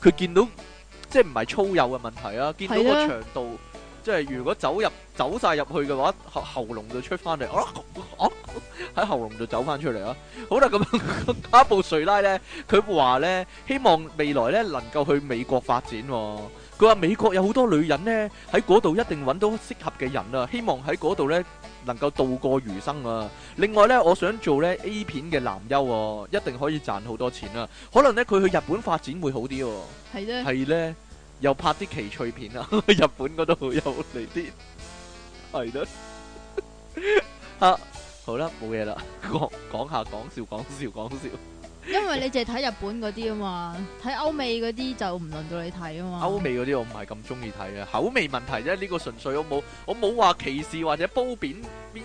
佢見到即係唔係粗幼嘅問題啊，見到個長度。即係如果走入走晒入去嘅話，喉喉嚨就出翻嚟，喺喉嚨就走翻出嚟啊。好啦，咁阿布瑞拉咧，佢話咧希望未來咧能夠去美國發展喎。佢話美國有好多女人咧喺嗰度一定搵到適合嘅人啊。希望喺嗰度咧能夠度過餘生啊。另外咧，我想做咧 A 片嘅男優喎，一定可以賺好多錢啊。可能咧佢去日本發展會好啲喎。係咧。又拍啲奇趣片啊， [laughs] 日本嗰度又嚟啲，係咯，啊，好啦，冇嘢啦，講 [laughs] 講下講笑，講笑，講笑。因為你淨係睇日本嗰啲啊嘛，睇歐美嗰啲就唔輪到你睇啊嘛。歐美嗰啲我唔係咁中意睇嘅，口味問題啫。呢個純粹我冇我冇話歧視或者褒貶邊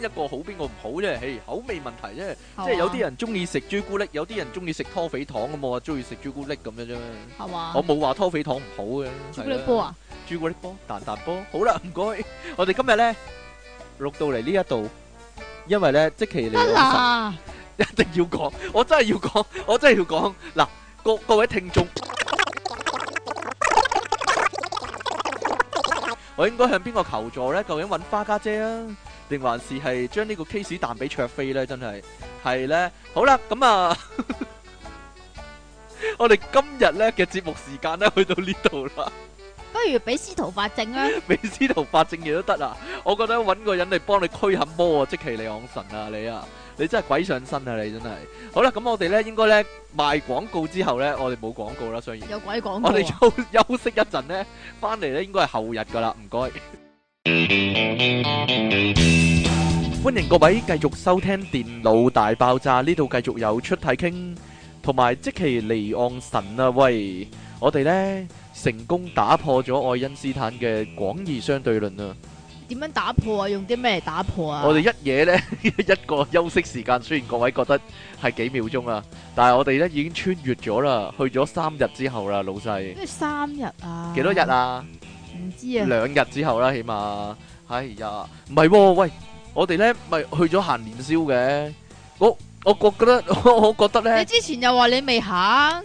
一個好邊個唔好啫。口味問題啫，吧即係有啲人中意食朱古力，有啲人中意食拖肥糖啊嘛，中意食朱古力咁樣啫。係嘛？我冇話吧拖肥糖唔好嘅。朱古力波啊？朱古力波、蛋蛋吧波，波，好啦，唔該。我哋今日咧錄到嚟呢一度，因為咧積淇離岸神、啊。啊一定要講，我真係要講，我真係要講。嗱，各各位聽眾，我應該向邊個求助咧？究竟搵花家姐啊，定還是係將呢個 case 彈俾卓飛咧？真係係咧。好啦，咁啊，我哋今日咧嘅節目時間咧去到呢度啦。不如俾司徒法正啦，俾司徒法正嘢都得啊！我覺得搵個人嚟幫你驅下魔啊，積淇你昂神啊，你啊！你真係鬼上身啊！你真係。好啦，咁我哋咧，應該咧，賣廣告之後咧，我哋冇廣告啦，雖然。有鬼廣告。我哋休休息一陣咧，翻嚟咧應該係後日噶啦，唔該。歡迎各位繼續收聽《電腦大爆炸》，呢度繼續有出體傾，同埋即期離岸神啊！喂，我哋咧成功打破咗愛因斯坦嘅廣義相對論啊！點樣打破啊？用啲咩嚟打破啊？我哋一夜咧， [laughs] 一個休息時間，雖然各位覺得係幾秒鐘啊，但係我哋咧已經穿越咗啦，去咗三日之後啦，老細。咩三日啊？幾多日啊？唔、嗯、知啊。兩日之後啦，起碼。哎呀，唔係、哦，喂，我哋咧咪去咗行年宵嘅。我我覺得，我我覺得咧。你之前又話你未行。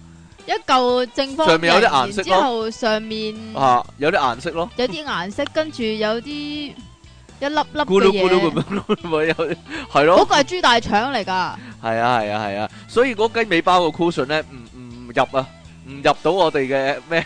一嚿正方形，然之後上面啊有啲顏色咯，有啲顏色，跟住有啲一粒粒咕嚕咕嚕咁樣，係咯，嗰個係豬大腸嚟噶，係啊係啊係啊，所以嗰雞尾包個 cushion 咧，唔唔入啊，唔入到我哋嘅咩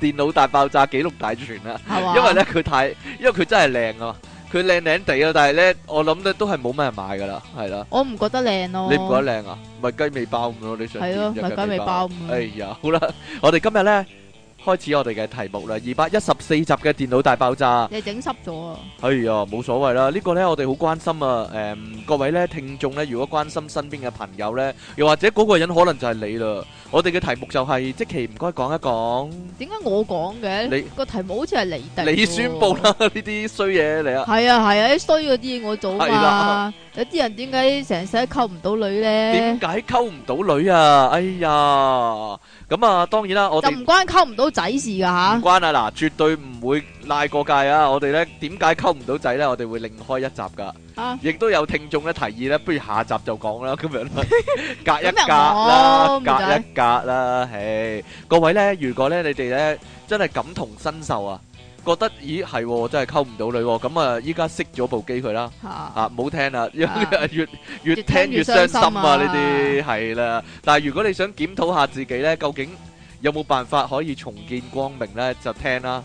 電腦大爆炸紀錄大全啊，因為咧佢太，因為佢真係靚啊嘛。佢靚靚地咯，但係呢，我諗咧都係冇咩人買㗎啦，的我唔覺得靚咯，啊。你唔覺得靚啊？唔係雞尾包咁咯，你想？係咯，唔係雞尾包咁。係、哎、呀，好啦，我哋今日呢，開始我哋嘅題目啦，二百一十四集嘅電腦大爆炸，你整濕咗啊？哎呀，冇所謂啦，呢、這個呢，我哋好關心啊！誒、嗯，各位呢，聽眾呢，如果關心身邊嘅朋友呢，又或者嗰個人可能就係你啦，我哋嘅題目就係即期唔該講一講。點解我講嘅？你個題目好似係你定。你宣布啦，呢啲衰嘢嚟啊！係啊係啊，衰嗰啲我做啊！啊有啲人點解成世溝唔到女呢？點解溝唔到女啊？哎呀！咁啊、嗯，當然啦，就我就唔關溝唔到仔事噶吓，唔關啊，嗱，絕對唔會賴過界啊！我哋咧點解溝唔到仔咧？我哋會另開一集噶，亦、啊、都有聽眾咧提議咧，不如下集就講 [laughs] 啦，今日 [laughs] 隔一隔啦， [laughs] 隔一隔啦，誒， [laughs] 各位咧，如果咧你哋咧真係感同身受啊！覺得咦，係真係溝唔到女咁啊！依家熄咗部機佢啦，啊冇聽啦，越越聽越傷心啊！呢啲係啦，但係如果你想檢討下自己呢，究竟有冇辦法可以重見光明呢？就聽啦，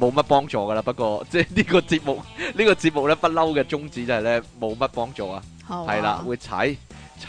冇乜幫助噶啦。不過即係呢個節目呢 [laughs] 個節目呢，不嬲嘅宗旨就係呢，冇乜幫助啊，係啦，會踩踩。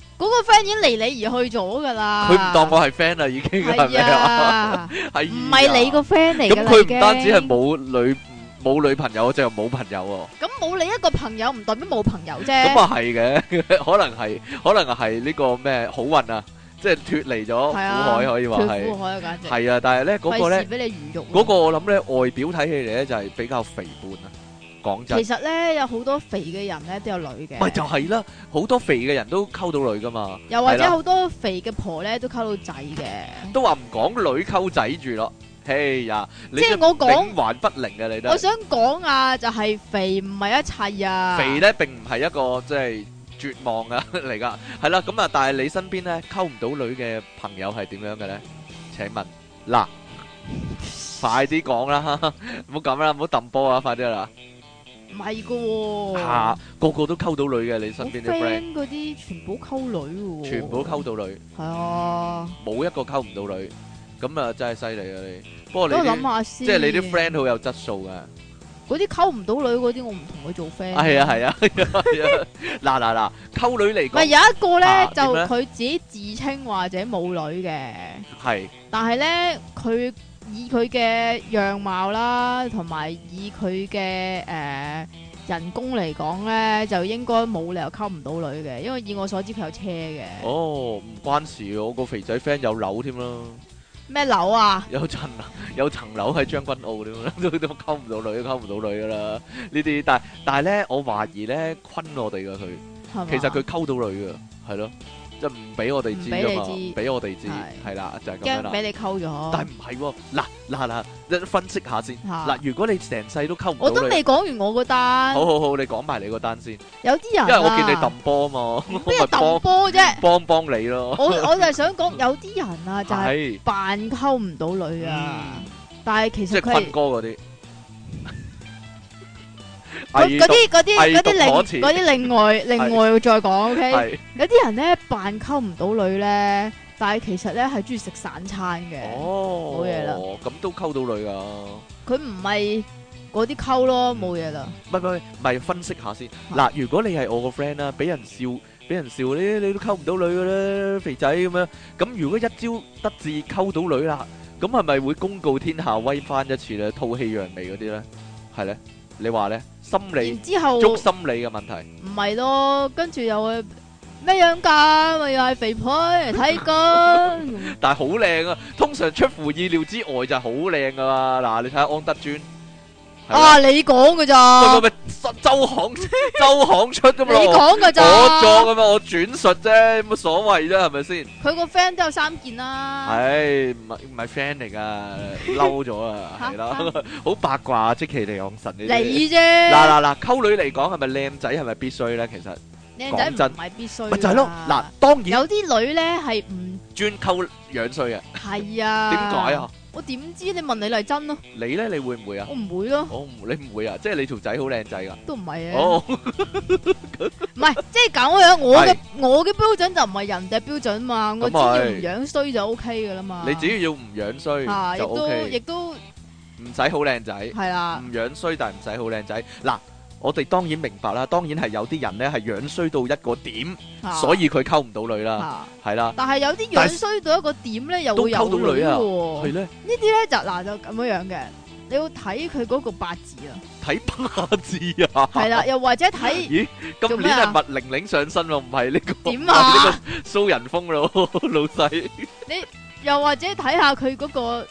嗰個 friend 已經離你而去咗㗎啦！佢唔當我係 friend 啦，已經係咪啊？係唔係你個 friend 嚟？咁佢唔單止係冇女冇女朋友，即係冇朋友喎。咁冇你一個朋友唔代表冇朋友啫。咁啊係嘅，可能係可能係呢個咩好運啊，即係脱離咗苦海可以話係。脱苦海簡直係啊，啊！但係咧嗰個咧，俾你魚肉，嗰個我諗咧外表睇起嚟咧就係比較肥胖。啊。其實咧有好多肥嘅人咧都有女嘅，咪就係啦，好多肥嘅人都溝到女噶嘛，又或者好多肥嘅婆咧都溝到仔嘅，都話唔講女溝仔住咯，嘿呀，即係我講，頂環不靈嘅你都，我想講啊，就係肥唔係一切啊，肥咧並唔係一個即係絕望噶嚟噶，係啦咁啊，但係你身邊咧溝唔到女嘅朋友係點樣嘅咧？請問，嗱，快啲講啦，唔好咁啦，唔好抌波啊，快啲啦。唔係嘅喎，吓，個個都溝到女嘅，你身邊啲 friend 嗰啲全部溝女嘅喎，全部溝到女，係啊，冇一個溝唔到女，咁啊真係犀利啊你。不過你諗下先，即係你啲 friend 好有質素嘅，嗰啲溝唔到女嗰啲我唔同佢做 friend。係啊係啊，嗱嗱嗱，溝女嚟講，咪有一個咧就佢自己自稱或者冇女嘅，係，但係咧佢。以佢嘅樣貌啦，同埋以佢嘅誒人工嚟講咧，就應該冇理由溝唔到女嘅，因為以我所知佢有車嘅。哦，唔關事，我個肥仔 friend 有樓添囉。咩樓啊？有層有層樓喺將軍澳添啦，都都溝唔到女，都溝唔到女噶啦。呢啲但但係咧，我懷疑咧，坤我哋噶佢，其實佢溝到女噶，係咯。就唔俾我哋知啊嘛，俾我哋知係啦，就係咁樣驚俾你溝咗，但係唔係喎，嗱嗱嗱，分析下先。嗱，如果你成世都溝唔，我都未講完我嗰單。好好好，你講埋你嗰單先。有啲人，因為我見你揼波啊嘛，邊度揼波啫？幫幫你咯。我我就係想講，有啲人啊，就係扮溝唔到女啊，但係其實即係發哥嗰啲。咁嗰啲嗰啲嗰啲另嗰啲另外另外再講 OK，有啲人咧扮溝唔到女咧，但係其實咧係中意食散餐嘅。哦，冇嘢啦。咁都溝到女噶，佢唔係嗰啲溝咯，冇嘢啦。唔係唔係唔係，分析下先嗱。如果你係我個 friend 啦，俾人笑俾人笑，你你都溝唔到女噶啦，肥仔咁樣。咁如果一朝得志溝到女啦，咁係咪會公告天下威翻一次咧，吐氣揚眉嗰啲咧？係咧，你話咧？心理，中后心理嘅問題。唔係咯，跟住又咩樣㗎？咪又係肥婆、睇高 [laughs] [laughs] 但係好靚啊！通常出乎意料之外就好靚噶啦。嗱，你睇下安德尊。啊！你講噶咋？咪咪咪，周行周行出噶嘛？你講噶咋？我做噶嘛？我轉述啫，乜所謂啫？係咪先？佢個 friend 都有三件啦。係唔係 friend 嚟噶？嬲咗啊，係咯？好八卦，積淇離岸神呢啲。你啫。嗱嗱嗱，溝女嚟講係咪靚仔係咪必須咧？其實靚仔唔係必須。咪就係咯，嗱，當然有啲女咧係唔專溝樣衰嘅。係啊。點解啊？我點知？你問你嚟真咯？你咧，你會唔會啊？我唔會咯。我唔，你唔會啊？即係你條仔好靚仔噶？都唔係啊。哦，唔係，即係咁樣，我嘅我嘅標準就唔係人哋標準嘛。我只要唔樣衰就 OK 噶啦嘛。你只要要唔樣衰就 OK，啊，亦都亦都唔使好靚仔。係啦，唔樣衰但係唔使好靚仔嗱。我哋當然明白啦，當然係有啲人咧係樣衰到一個點，啊、所以佢溝唔到女啦，係啦、啊。的但係有啲樣衰到一個點咧，但又會有都溝到女喎、啊。係咧、啊，呢啲咧就嗱、啊、就咁樣樣嘅，你要睇佢嗰個八字，八字啊。睇八字啊？係啦，又或者睇咦？今年係麥玲玲上身喎，唔係呢個點啊？呢、呢個蘇民峰老老細。你又或者睇下佢嗰、嗰個嗰、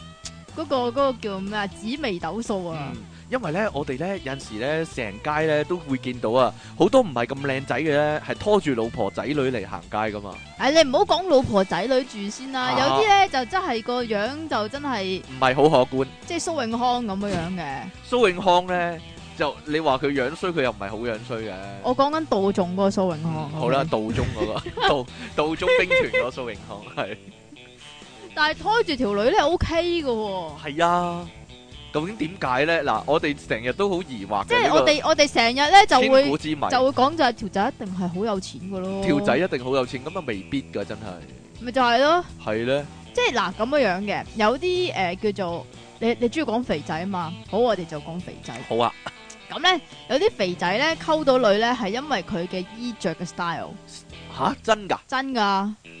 嗰個嗰個嗰個叫咩啊？紫微斗數啊？嗯因為咧，我哋咧有陣時咧，成街咧都會見到啊，好多唔係咁靚仔嘅，係拖住老婆仔女嚟行街噶嘛。唉，你唔好講老婆仔女住先啦，有啲咧就真係個樣就真係唔係好可觀，即係蘇永康咁嘅樣嘅。蘇永康咧就你話佢樣衰，佢又唔係好樣衰嘅。我講緊道中嗰個蘇永康。好啦，道中嗰個道道中兵團嗰個蘇永康係。但係拖住條女咧 OK 噶喎。係啊。究竟點解咧？嗱，我哋成日都好疑惑嘅。即係我哋我哋成日咧就會就會講，就係條仔一定係好有錢嘅咯。條仔一定好有錢，咁啊未必噶，真係。咪就係咯。係咧呢。即係嗱咁樣樣嘅，有啲誒、呃、叫做你你中意講肥仔啊嘛。好，我哋就講肥仔。好啊。咁咧有啲肥仔咧溝到女咧係因為佢嘅衣着嘅 style。吓真噶？真噶。真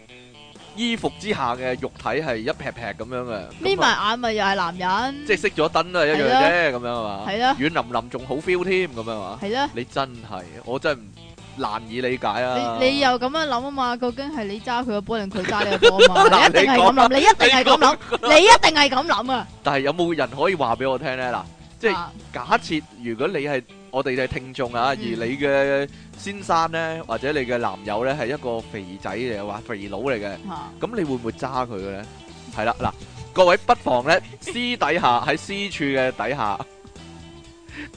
衣服之下嘅肉體係一撇撇咁樣嘅，眯埋眼咪又係男人，即係熄咗燈都係一樣啫，咁樣啊嘛，係啊，軟淋淋仲好 feel 添，咁樣啊嘛，係啊，你真係，我真唔難以理解啊！你又咁樣諗啊嘛？究竟係你揸佢個波定佢揸你個波啊嘛？你一定係咁諗，你一定係咁諗，你一定係咁諗啊！但係有冇人可以話俾我聽咧？嗱，即係假設如果你係我哋就係聽眾啊，而你嘅。先生咧，或者你嘅男友咧，係一個肥仔嚟，話肥佬嚟嘅，咁、嗯、你會唔會揸佢嘅咧？係 [laughs] 啦，嗱，各位不妨咧私底下喺私處嘅底下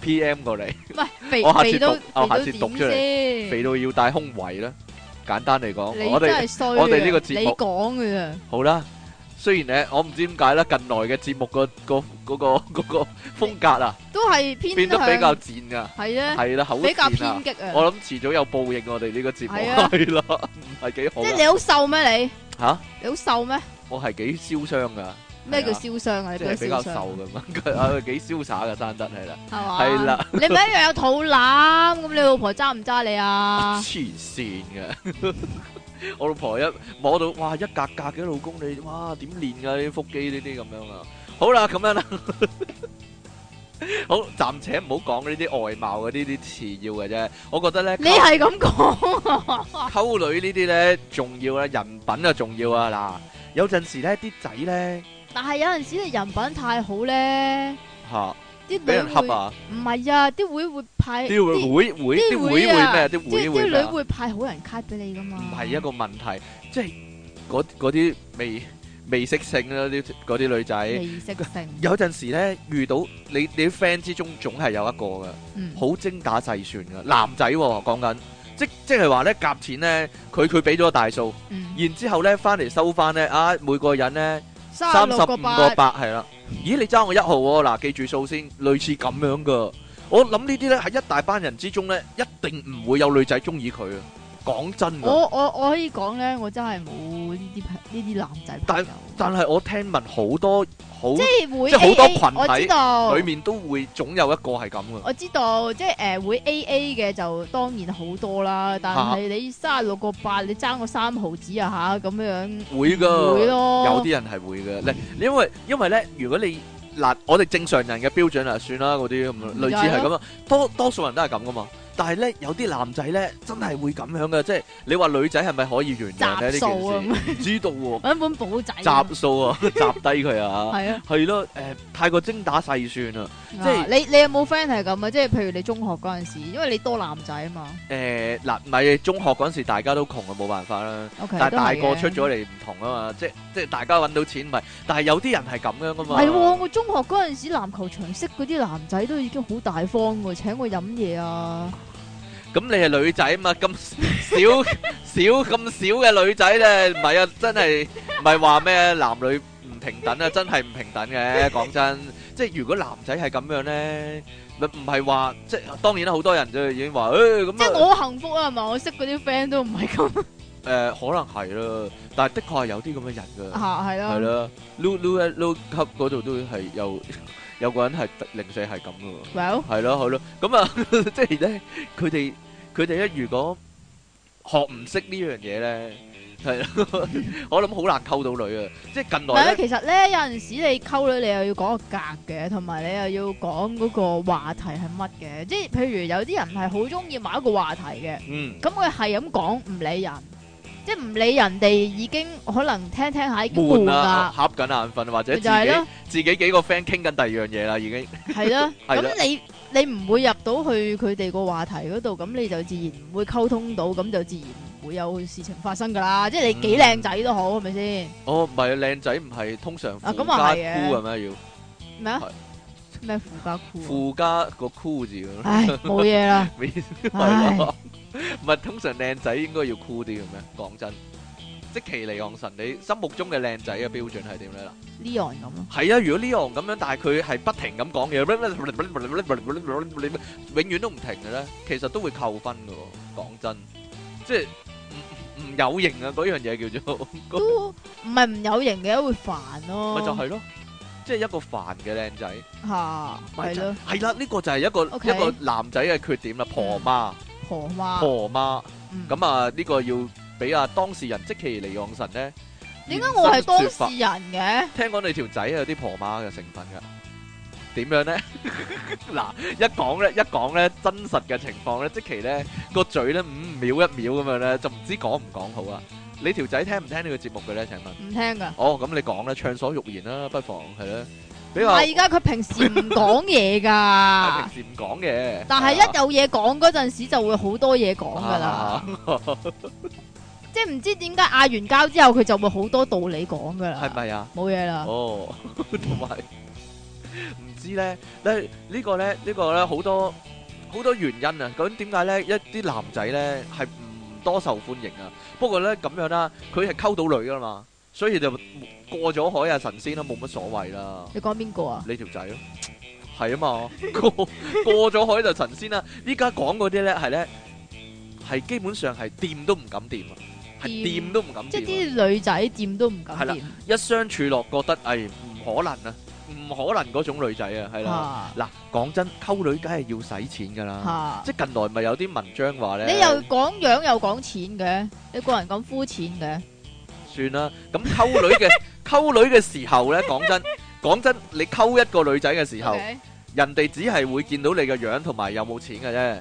P.M 過嚟，唔係肥我下次肥到也、啊，我下次讀出嚟，肥，肥到要戴胸圍啦。簡單嚟講，我哋們我哋呢個節目你講嘅好啦。雖然咧，我唔知點解咧，近來嘅節目個個嗰個嗰個風格啊，都係偏得比較賤噶，係啊，係啦，比較偏激啊，我諗遲早有報應，我哋呢個節目係啦，唔係幾好。即係你好瘦咩？你吓你好瘦咩？我係幾燒傷噶？咩叫燒傷啊？即係比較瘦噶嘛，佢啊幾瀟灑噶身質，係啦，係啦，你咪一樣有肚腩咁，你老婆揸唔揸你啊？黐線噶！我老婆一摸到，哇一格格嘅老公你，哇點練噶啲腹肌呢啲咁樣啊？好啦，咁樣啦，好暫且唔好講呢啲外貌嘅呢啲次要嘅啫，我覺得咧，你係咁講，溝女呢啲咧重要啦，人品啊重要啊嗱，有陣時咧啲仔咧，但係有陣時你人品太好咧，吓。俾人恰啊！唔係啊，啲會會派啲會會啲會會咩？啲會會啲女會，會，會，會派好人卡俾你噶、啊、嘛？唔係一個問題，即係嗰啲未未識性啦，啲嗰啲女仔未識性。有陣時咧遇到你，你啲 friend 之中總係有一個噶，好、嗯、精打細算噶男仔、哦，講緊即即係話咧夾錢咧，佢佢俾咗大數，嗯、然之後咧翻嚟收翻咧啊，每個人咧。啊三十五個八係啦，咦？你爭我一號喎、哦，嗱，記住數先，類似咁樣噶。我諗呢啲呢，喺一大班人之中呢，一定唔會有女仔中意佢啊。講真，我我我可以講咧，我真係冇呢啲呢啲男仔朋友。但係我聽聞好多好即係會即係好多群體裏面都會總有一個係咁噶。我知道，即係誒會 AA 嘅就當然好多啦。但係你卅六個八，你爭個三毫子啊吓咁樣樣會噶，會咯，有啲人係會嘅咧。因為因為咧，如果你嗱我哋正常人嘅標準啊，算啦嗰啲咁啊，類似係咁啊，多多數人都係咁噶嘛。但係咧，有啲男仔咧，真係會咁樣嘅，即係你話女仔係咪可以原諒咧？呢、啊、件事 [laughs] 知道喎，搵本簿仔，雜數啊，雜低佢啊，係啊，係咯 [laughs] 是、啊啊，誒、呃，太過精打細算啊，即係、啊、你你有冇 friend 係咁啊？即係譬如你中學嗰陣時，因為你多男仔啊嘛。誒、呃，嗱，唔係中學嗰陣時大家都窮啊，冇辦法啦。但係大個出咗嚟唔同啊嘛，即係即係大家搵到錢咪，但係有啲人係咁樣噶嘛。係我中學嗰陣時籃球場識嗰啲男仔都已經好大方嘅，請我飲嘢啊！嗯咁你係女仔啊嘛，咁少少咁少嘅女仔咧，唔係啊，真係唔係話咩男女唔平等啊，真係唔平等嘅，講真，即係如果男仔係咁樣咧，唔唔係話即係當然啦，好多人都已經話，誒咁。即係我好幸福啊，唔係我識嗰啲 friend 都唔係咁。誒，可能係啦，但係的確係有啲咁嘅人㗎。嚇係啦。係啦，low low low 級嗰度都係有。有個人係零舍係咁嘅喎，係咯 Well?，係咯，咁啊，即係咧，佢哋佢哋一如果學唔識呢樣嘢咧，係咯，我諗好難溝到女啊！即係近來，唔係，其實咧，有陣時你溝女你又要講個格嘅，同埋你又要講嗰個話題係乜嘅，即係譬如有啲人係好中意某一個話題嘅，嗯，咁佢係咁講唔理人。即係唔理人哋已經可能聽聽下已經攰噶，瞌緊、啊、眼瞓或者就係咯，自己幾個 friend 傾緊第二樣嘢啦已經。係咯的，咁 [laughs] 的你你唔會入到去佢哋個話題嗰度，咁你就自然唔會溝通到，咁就自然唔會有事情發生噶啦。嗯、即係你幾靚仔都好，係咪先？哦，唔係靚仔，唔係通常咁夫家姑係咩要咩啊？麼咩附加酷？附加個酷字。唉，冇嘢啦。冇意思。係咯，唔係通常靚仔應該要酷啲嘅咩？講真，積淇離岸神，你心目中嘅靚仔嘅標準係點咧？Leon 咁咯。係啊，如果 Leon 咁樣，但係佢係不停咁講嘢，永遠都唔停嘅咧，其實都會扣分嘅。講真，即唔唔有型啊！嗰樣嘢叫做都唔係唔有型嘅，會煩咯。咪就係咯。即係一個煩嘅靚仔，嚇、啊，係咯，係啦，呢個就係一個一個男仔嘅缺點啦，婆媽，嗯、婆媽，婆媽，咁、嗯、啊，呢、呢個要俾啊當事人積淇離岸神咧，點解我係當事人嘅？聽講你條仔有啲婆媽嘅成分㗎，點樣咧？嗱，一講咧，一講咧，真實嘅情況咧，積淇咧個嘴咧，五、呃、秒一秒咁樣咧，就唔知講唔講好啊！你條仔聽唔聽呢個節目嘅咧？請問唔聽噶。哦，咁你講啦，暢所欲言啦，不妨係啦。比如唔係，而家佢平時唔講嘢噶。平時唔講嘢，但係一有嘢講嗰陣時，就會好多嘢講噶啦。即係唔知點解嗌完交之後，佢就會好多道理講噶啦。係咪啊？冇嘢啦。哦，同埋唔知咧，咧呢個咧，呢個咧，好多好多原因啊。咁點解咧？一啲男仔咧係唔多受歡迎啊？不過咧咁樣啦、啊，佢係溝到女噶嘛，所以就過咗海啊神仙啦，冇乜所謂啦。你講邊個啊？啊你條仔咯，係啊，啊嘛， [laughs] 過過咗海就神仙啦、啊。依家講嗰啲咧係咧，係基本上係掂都唔敢掂，係掂碰都唔敢，掂，即係啲女仔掂都唔敢掂。係啦，一相處落覺得係唔、哎、唔可能啊。唔可能嗰種女仔啊，係啦，嗱，講真，溝女梗係要使錢噶啦，即係近來咪有啲文章話呢，你又講樣又講錢嘅，你個人咁膚淺嘅，算啦，咁溝女嘅溝 [laughs] 女嘅時候呢，真 [laughs] 講真講真，你溝一個女仔嘅時候，Okay. 人哋只係會見到你嘅樣同埋有冇錢嘅啫。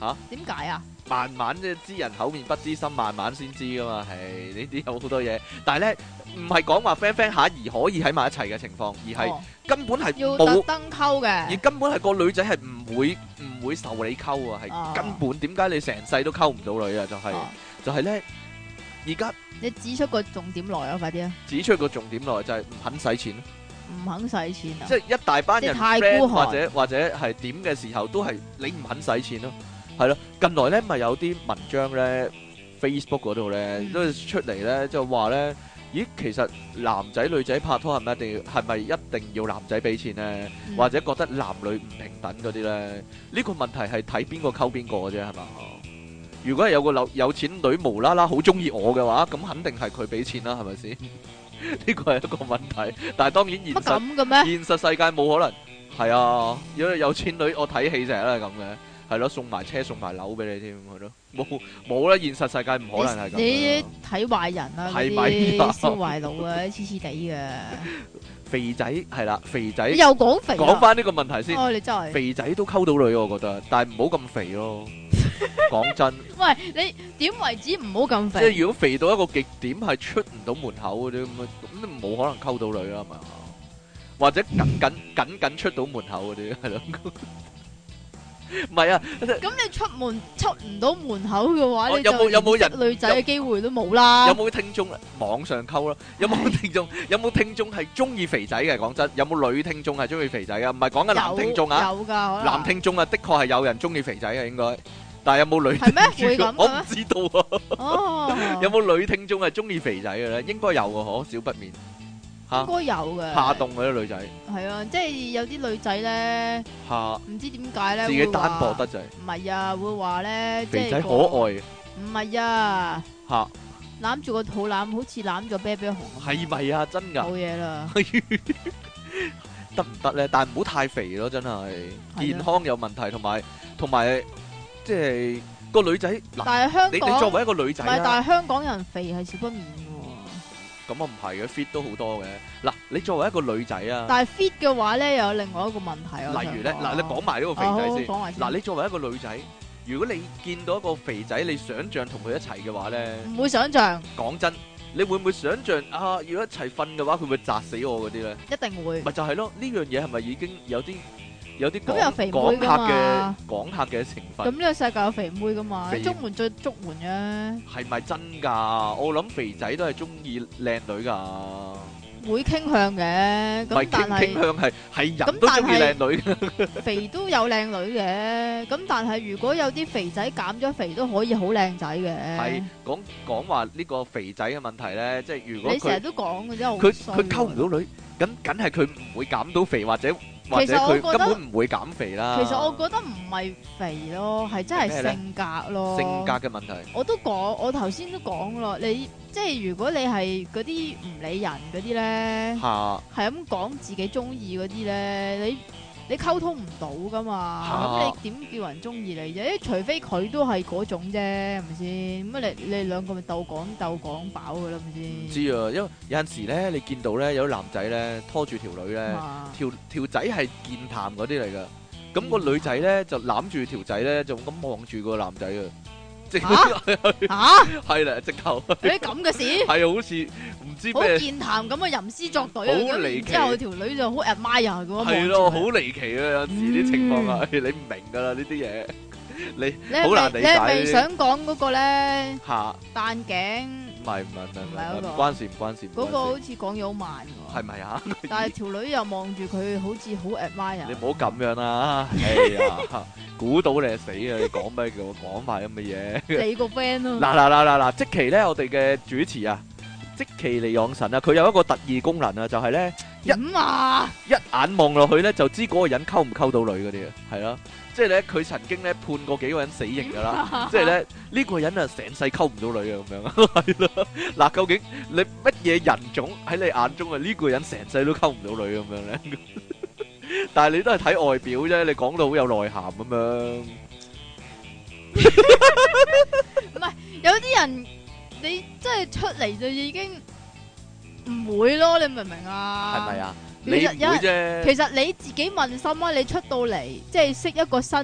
嚇點解啊？慢慢即係知人口面不知心，慢慢先知噶嘛。係呢啲有好多嘢，但係咧唔係講話 friend friend 下而可以喺埋一齊嘅情況，而係根本係要特登溝嘅，而根本係個女仔係唔會唔會受你溝啊，係根本點解你成世都溝唔到女啊？就係就係咧而家你指出個重點來啊！快啲啊！指出個重點來就係唔肯使錢咯，唔肯使錢啊！即係一大班人或者或者係點嘅時候都係你唔肯使錢咯。係咯，近來咧咪有啲文章咧，Facebook 嗰度咧、嗯、都出嚟咧，就話咧，咦，其實男仔女仔拍拖係咪一定係咪一定要男仔俾錢咧？嗯、或者覺得男女唔平等嗰啲咧？呢、呢個問題係睇邊個溝邊個啫，係嘛？如果係有個有有錢女無啦啦好中意我嘅話，咁肯定係佢俾錢啦，係咪先？呢個係一個問題，但係當然現實現實世界冇可能。係啊，如果有錢女，我睇戲成日都係咁嘅。係咯，送埋車送埋樓俾你添，係咯，冇冇啦，現實世界唔可能係咁。你睇壞人啊，嗰啲燒壞腦啊，黐黐地嘅。肥仔係啦，肥仔又講肥講翻呢個問題先。哦，你真係肥仔都溝到女，我覺得，但係唔好咁肥咯。講 [laughs] 真。 [laughs] 喂，你點為止唔好咁肥？即係如果肥到一個極點，係出唔到門口嗰啲咁，冇可能溝到女啊嘛。或者緊緊，緊緊緊緊出到門口嗰啲，係咯。 [laughs] 唔係啊，咁、嗯嗯、你出門出唔到門口嘅話、啊、你就 有冇有冇人女仔嘅機會都冇啦？有冇聽眾網上溝咯的？有冇聽眾？有冇聽眾係中意肥仔嘅？講真、啊，有冇女聽眾係中意肥仔嘅？唔係講緊男聽眾啊？有噶，男聽眾啊，的確係有人中意肥仔嘅，應該。但係有冇女聽眾？係咩會咁？我唔知道啊。有冇女聽眾係中意肥仔嘅咧？應該有啊，可少不免。應該有嘅，怕凍嗰啲女仔。係啊，即係有啲女仔咧，吓唔知點解咧，自己單薄得滯。唔係啊，會話咧，即係肥仔可愛。唔係啊，吓攬住個肚腩，好似攬住啤啤熊。係咪啊？真噶冇嘢啦，得唔得咧？但係唔好太肥咯，真係健康有問題，同埋同埋即係個女仔。但係香港，你作為一個女仔，唔係但係香港人肥係少不免嘅。咁我唔係嘅，fit 都好多嘅。嗱，你作為一個女仔啊，但係 fit 嘅話咧，又有另外一個問題啊。例如咧，嗱、哦，你講埋呢個肥仔、哦、先。嗱，你作為一個女仔，如果你見到一個肥仔，你想象同佢一齊嘅話咧，唔會想象。講真，你會唔會想象啊？要一齊瞓嘅話，佢會唔會砸死我嗰啲咧？一定會。咪就係咯，呢樣嘢係咪已經有啲？有啲咁又肥妹嘅嘛，講客嘅，講客嘅成分。咁呢個世界有肥妹嘅嘛，捉援再捉援嘅係咪真㗎？我諗肥仔都係中意靚女㗎，會傾向嘅。唔係傾，傾向係，係人都中意靚女。肥都有靚女嘅，咁但係如果有啲肥仔減咗肥都可以好靚仔嘅。係講，講話呢個肥仔嘅問題咧，即係如果佢，你成日都講嘅啫，我、佢、佢溝唔到女，咁梗係佢唔會減到肥或者。其實我覺得，唔會減肥啦。其實我覺得唔係肥咯，係真係性格咯。性格嘅問題我。我都講，我頭先都講咯。你即係如果你係嗰啲唔理人嗰啲咧，係咁講自己中意嗰啲咧，你。你溝通唔到噶嘛？咁你點叫人中意你啫？除非佢都係嗰種啫，係咪先？咁啊，你你兩個咪鬥講鬥講飽佢啦，係咪先？唔知啊，因為有陣時咧，你見到咧有男仔咧拖住條女咧，條條仔係健談嗰啲嚟㗎，咁個女仔咧就攬住條仔咧，就咁望住個男仔啊！吓吓係啦，直頭啲咁嘅事係好似唔知好健談咁啊，吟詩作對啊，然之後條女就好 admire 係咯，好離奇啊！有陣時啲情況啊，你唔明噶啦呢啲嘢，你好難理解。你係咪想講嗰個咧？吓單頸唔係唔係唔係，關事唔關事。嗰個好似講好慢喎，係咪啊？但係條女又望住佢，好似好 admire。你唔好咁樣啦、啊， [laughs] 哎呀，估到你死你 [laughs] 啊！你講咩叫我講埋咁嘅嘢？你個 friend 咯。嗱嗱嗱嗱嗱，積淇咧我哋嘅主持啊，積淇離岸神啊，佢有一個特異功能啊，就係、是、咧一啊，一眼望落去咧，就知嗰個人溝唔溝到女嗰啲啊，係咯。即係咧，佢曾經咧判過幾個人死刑噶啦。即係咧，呢個人啊，成世溝唔到女啊咁樣啊。係咯。嗱，究竟你乜嘢人種喺你眼中啊？呢個人成世都溝唔到女咁樣咧。但係你都係睇外表啫。你講到好有內涵咁樣。唔係，有啲人你真係出嚟就已經唔會咯。你明唔明啊？係咪啊？你其實你自己問心啦，你出到嚟即係識一個新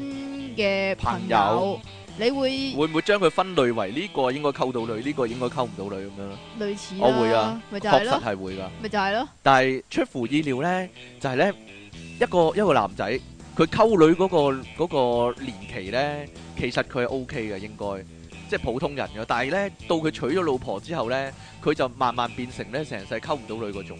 嘅朋友，你會會唔會將佢分類為呢個應該溝到女，呢個應該溝唔到女咁樣？類似，我會啊，確實係會噶，咪就係咯。但係出乎意料咧，就係咧一個一個男仔，佢溝女嗰個嗰個年期咧，其實佢係 OK 嘅，應該即係普通人嘅。但係咧到佢娶咗老婆之後咧，佢就慢慢變成咧成世溝唔到女嗰種。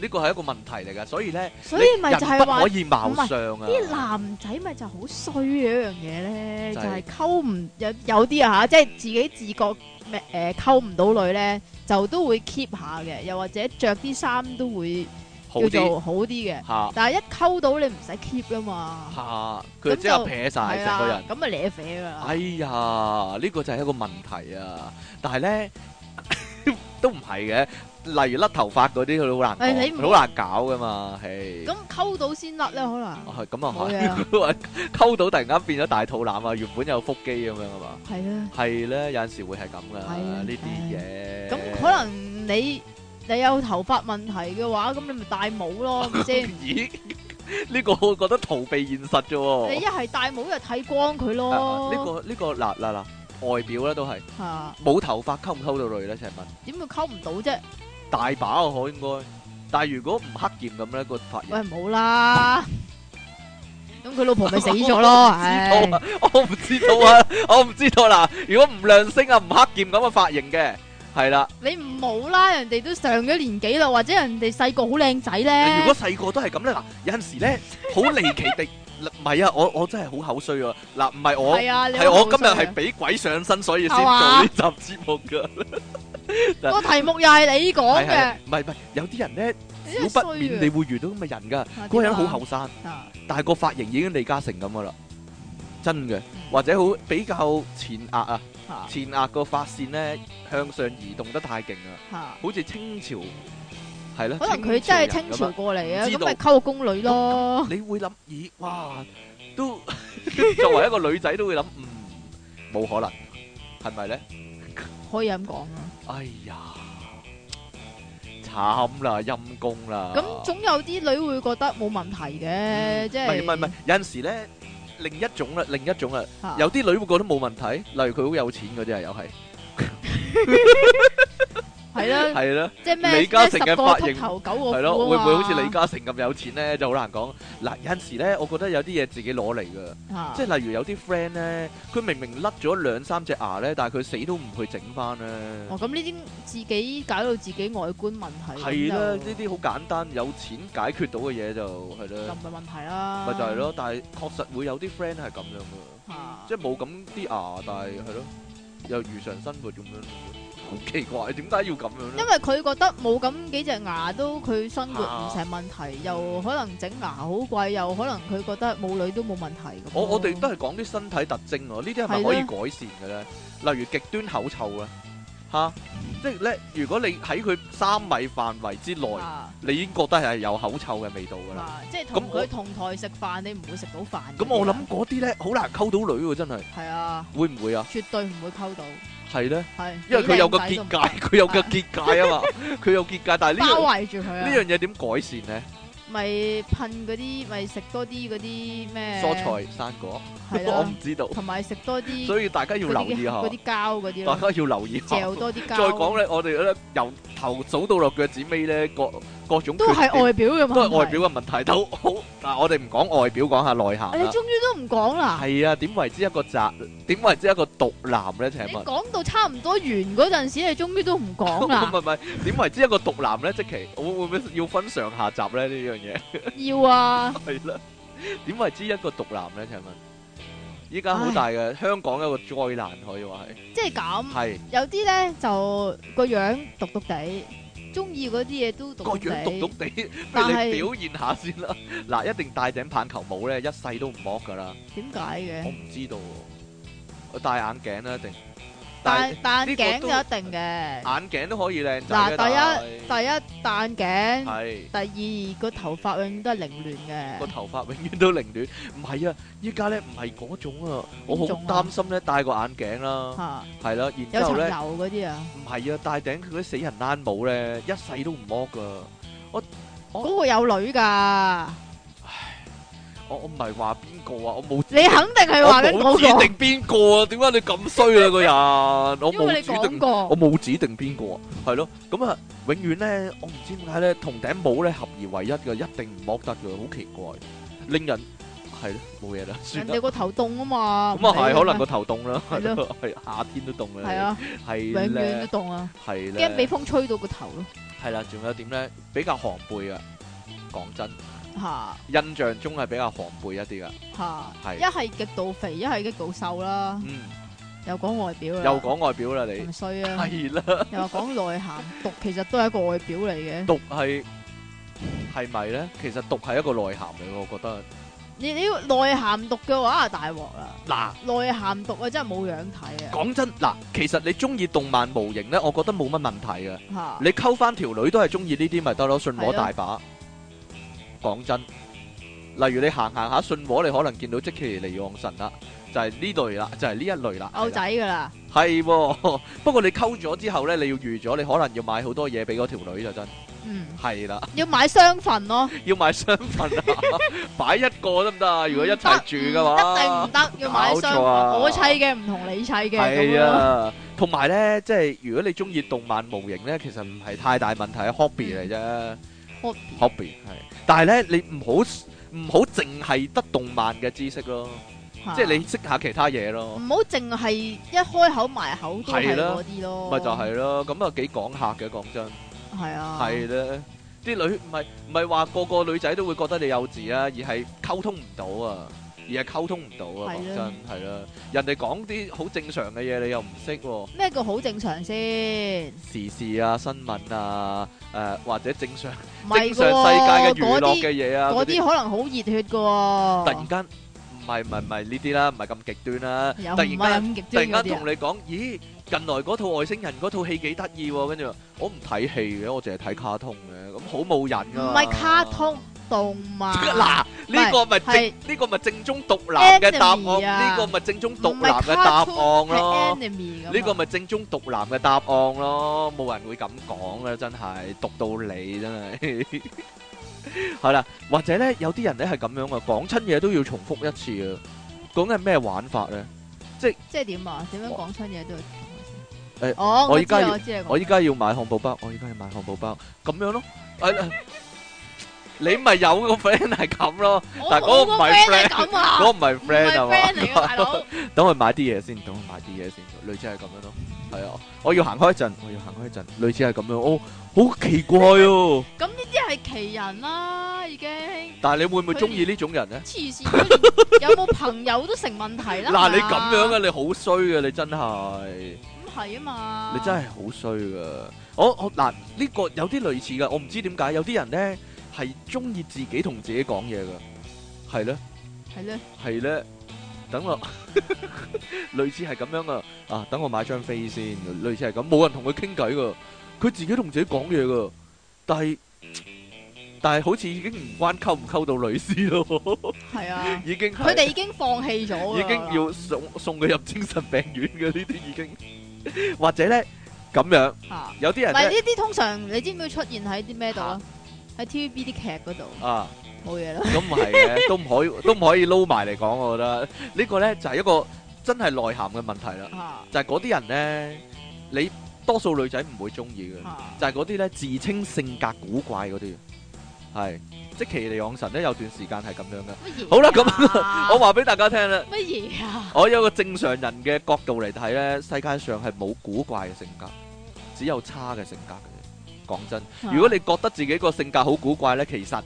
呢個係一個問題嚟㗎，所以咧，所以咪就係話可以貌相、啊、啲男仔咪就好衰嘅一樣嘢咧，就係溝唔有有啲啊嚇，即係自己自覺咩誒、呃、溝唔到女咧，就都會 keep 下嘅，又或者着啲衫都會叫做好啲嘅，但係一溝到你唔使 keep 啦嘛嚇，佢就真係撇晒成個人，咁咪瀨肥㗎啦。啦哎呀，呢個就係一個問題啊！但係咧。都唔係嘅，例如甩頭髮嗰啲佢好難，好難搞噶嘛，咁溝到先甩咧可能。係咁啊，係溝到突然間變咗大肚腩啊，原本有腹肌咁樣啊嘛。係咧，係咧，有陣時會係咁噶，呢啲嘢。咁可能你你有頭髮問題嘅話，咁你咪戴帽咯，唔知。咦？呢個我覺得逃避現實啫喎。你一係戴帽，一係剃光佢咯。呢個呢個嗱嗱嗱。外表咧都係，冇頭髮溝唔溝到女咧？一齊問。點會溝唔到啫？大把啊可應該，但係如果唔黑劍咁咧個髮型，喂唔好啦，咁佢老婆咪死咗咯？我唔知道啊，我唔知道啦，如果唔亮星啊，唔黑劍咁嘅髮型嘅，係啦，你唔好啦，人哋都上咗年紀啦，或者人哋細個好靚仔咧。如果細個都係咁咧，嗱有陣時咧好離奇地。唔係啊，我我真係好口衰啊！嗱、啊，唔係我係、啊、我今日係俾鬼上身，所以先做呢集節目噶。啊、 [laughs] 是個題目又係你講嘅，唔係唔係，有啲人咧少不免地會遇到咁嘅人噶，嗰個、啊啊、人好後生，啊、但係個髮型已經李嘉誠咁噶啦，真嘅。嗯、或者好比較前額啊，啊前額個髮線咧向上移動得太勁啊，好似清朝。係咯，可能佢真係清朝過嚟啊，咁咪溝個宮女咯。你會諗，咦？哇！都作為一個女仔都會諗，嗯，冇可能，係咪咧？可以咁講啊！哎呀，慘啦，陰公啦！咁總有啲女會覺得冇問題嘅，即係唔唔唔，有陣時咧，另一種啦，另一種啊，有啲女會覺得冇問題，例如佢好有錢嗰啲啊，又係。係咯，係咯，即係咩？李嘉誠嘅髮型，係咯，會唔會好似李嘉誠咁有錢咧？就好難講。嗱，有時咧，我覺得有啲嘢自己攞嚟嘅，即係例如有啲 friend 咧，佢明明甩咗兩三隻牙咧，但係佢死都唔去整翻咧。哦，咁呢啲自己搞到自己外觀問題。係啦，呢啲好簡單，有錢解決到嘅嘢就係啦。唔係問題啦。咪就係咯，但係確實會有啲 friend 係咁樣嘅，即係冇咁啲牙，但係係咯，又如常生活咁樣。好奇怪，點解要咁樣咧？因為佢覺得冇咁幾隻牙都佢生活唔成問題，又可能整牙好貴，又可能佢覺得冇女都冇問題。我我哋都係講啲身體特徵喎，呢啲係咪可以改善嘅咧？例如極端口臭啊，嚇，即係咧，如果你喺佢三米範圍之內，你已經覺得係有口臭嘅味道噶啦。即係同佢同台食飯，你唔會食到飯。咁我諗嗰啲咧，好難溝到女喎，真係。係啊。會唔會啊？絕對唔會溝到。係咧，因為佢有個結界，佢有個結界啊嘛，佢有結界，但係呢樣圍住佢啊，呢樣嘢點改善咧？咪噴嗰啲，咪食多啲嗰啲咩？蔬菜、生果，我唔知道。同埋食多啲，所以大家要留意下。嗰啲膠，嗰啲大家要留意下。再講咧，我哋咧由頭早到落腳趾尾咧，個。都係外表嘅，都係外表嘅問題。都好，嗱，我哋唔講外表，講下內涵。你終於都唔講啦？係啊，點為之一個宅？點為之一個毒男咧？請問，講到差唔多完嗰陣時，你終於都唔講啦？唔係唔係，點為之一個毒男咧？即其，我會唔會要分上下集咧？呢樣嘢要啊。係啦，點為之一個毒男咧？請問，依家好大嘅香港有個災難可以話係，即係咁，係有啲咧就個樣毒毒地。中意嗰啲嘢都獨地，個樣毒毒，但係是表現下先啦。嗱， [laughs] 一定戴頂棒球帽咧，一世都唔剝㗎喇。點解嘅？我唔知道。我戴眼鏡啦，一定。戴戴眼鏡就一定嘅，眼鏡都可以靚。嗱，第一但第一戴眼鏡，係是第二個頭髮永遠都， [laughs] 都凌亂嘅。個頭髮永遠都凌亂，唔係啊！依家咧唔係嗰種啊，啊我好擔心咧戴個眼鏡啦，係啦，然之後咧有嗰啲啊，唔係啊，戴頂佢啲死人冷帽咧，一世都唔剝噶。我嗰個有女噶。我我唔係話邊個啊，我冇指定。你肯定係話佢嗰個。我冇指定邊個啊？點解你咁衰啊？個人，我冇指定個，我冇指定邊個啊？係咯，咁啊，永遠咧，我唔知點解咧，同頂帽咧合而為一嘅，一定唔剝得嘅，好奇怪，令人係咯冇嘢啦。算你個頭凍啊嘛。咁啊係，可能個頭凍啦。係咯，係夏天都凍嘅。係啊，係永遠都凍啊。係驚俾風吹到個頭咯。係啦，仲有點咧，比較寒背啊。講真。吓，印象中係比較寒背一啲噶。吓，係一係極度肥，一係極度瘦啦，嗯，又講外表，又講外表啦，你衰啊，係啦，又話講內涵，毒其實都係一個外表嚟嘅，毒係係咪咧？其實毒係一個內涵嚟，我覺得，你你要內涵毒嘅話啊，大鑊啦，嗱，內涵毒啊，真係冇樣睇啊，講真，嗱，其實你中意動漫模型咧，我覺得冇乜問題嘅，吓，你溝翻條女都係中意呢啲，咪得咯，信我大把。講真，例如你行行下信和，你可能見到積淇離岸神啦，就係呢類啦，就係呢一類啦。牛仔噶啦。係，不過你溝咗之後咧，你要預咗，你可能要買好多嘢俾嗰條女就真。嗯。係啦。要買雙份咯。要買雙份啊！擺一個得唔得啊？如果一齊住嘅話。一定唔得，要買雙。冇錯啊。我砌嘅唔同你砌嘅。係啊，同埋咧，即係如果你中意動漫模型咧，其實唔係太大問題啊，hobby 嚟啫。Hobby 係，但係咧，你唔好唔好淨係得動漫嘅知識咯，即係你識下其他嘢咯。唔好淨係一開口埋口都係嗰啲咯。咪就係咯，咁啊幾講客嘅講真。係啊。係咧，啲女唔係唔係話個個女仔都會覺得你幼稚啊，而係溝通唔到啊，而係溝通唔到啊，講真係啦。人哋講啲好正常嘅嘢，你又唔識喎。咩叫好正常先？時事啊，新聞啊。誒、呃、或者正常正常世界嘅娛樂嘅嘢啊，嗰啲些些可能好熱血噶。突然間唔係唔係唔係呢啲啦，唔係咁極端啦，啊。極端突然間，啊、突然間同你講，咦近來嗰套外星人嗰套戲幾得意喎？跟住我唔睇戲嘅，我淨係睇卡通嘅，咁好冇癮㗎。唔係卡通。動漫嗱呢個咪正呢個咪正宗獨男嘅答案呢個咪正宗獨男嘅答案咯呢個咪正宗獨男嘅答案咯冇人會咁講啊真係讀到你真係係啦或者咧有啲人咧係咁樣啊講親嘢都要重複一次啊究竟係咩玩法咧即係即係點啊點樣講親嘢都要誒哦我依家要我依家要買漢堡包我依家要買漢堡包咁樣咯。你咪有個 friend 係咁咯，但係嗰個唔係 friend，嗰個唔係 friend 啊嘛，等佢買啲嘢先，等佢買啲嘢先，類似係咁樣咯，係啊，我要行開一陣，我要行開一陣，類似係咁樣，哦好奇怪哦。咁呢啲係奇人啦，已經。但係你會唔會中意呢種人咧？黐線，有冇朋友都成問題啦。嗱，你咁樣嘅你好衰嘅，你真係。唔係啊嘛。你真係好衰嘅，我我嗱呢個有啲類似嘅，我唔知點解有啲人咧，係中意自己同自己講嘢噶，係咧，係咧，係咧，等我類似係咁樣啊，啊，等我買張飛先，類似係咁，冇人同佢傾偈噶，佢自己同自己講嘢噶，但係但係好似已經唔關溝唔溝到女士咯，係啊，已經佢哋已經放棄咗，已經要送送佢入精神病院嘅呢啲已經，或者咧咁樣，有啲人，咪呢啲通常你知唔知出現喺啲咩度啊？喺 TVB 啲劇嗰度啊，冇嘢咯。咁唔係嘅，都唔可以，都唔可以撈埋嚟講。我覺得呢個咧就係一個真係內涵嘅問題啦。就係嗰啲人咧，你多數女仔唔會中意嘅，就係嗰啲咧自稱性格古怪嗰啲，係即奇離岸神咧有段時間係咁樣嘅。好啦，咁我話俾大家聽啦。乜嘢啊？我有個正常人嘅角度嚟睇咧，世界上係冇古怪嘅性格，只有差嘅性格嘅。講真，如果你覺得自己個性格好古怪呢，其實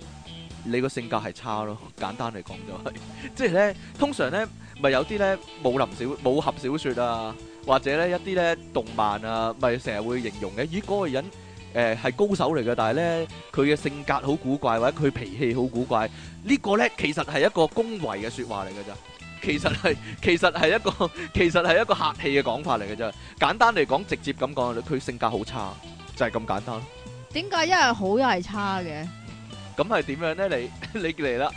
你個性格係差咯。簡單嚟講就係，即係呢，通常呢咪有啲呢武林、小武俠小說啊，或者呢一啲呢動漫啊，咪成日會形容嘅。咦，嗰個人誒係高手嚟嘅，但係呢佢嘅性格好古怪，或者佢脾氣好古怪。呢個呢其實係一個恭維嘅說話嚟嘅咋，其實係其實係一個其實係一個客氣嘅講法嚟嘅咋。簡單嚟講，直接咁講，佢性格好差。就係咁簡單咯。點解一係好一係差嘅？咁係點樣咧？你你嚟啦！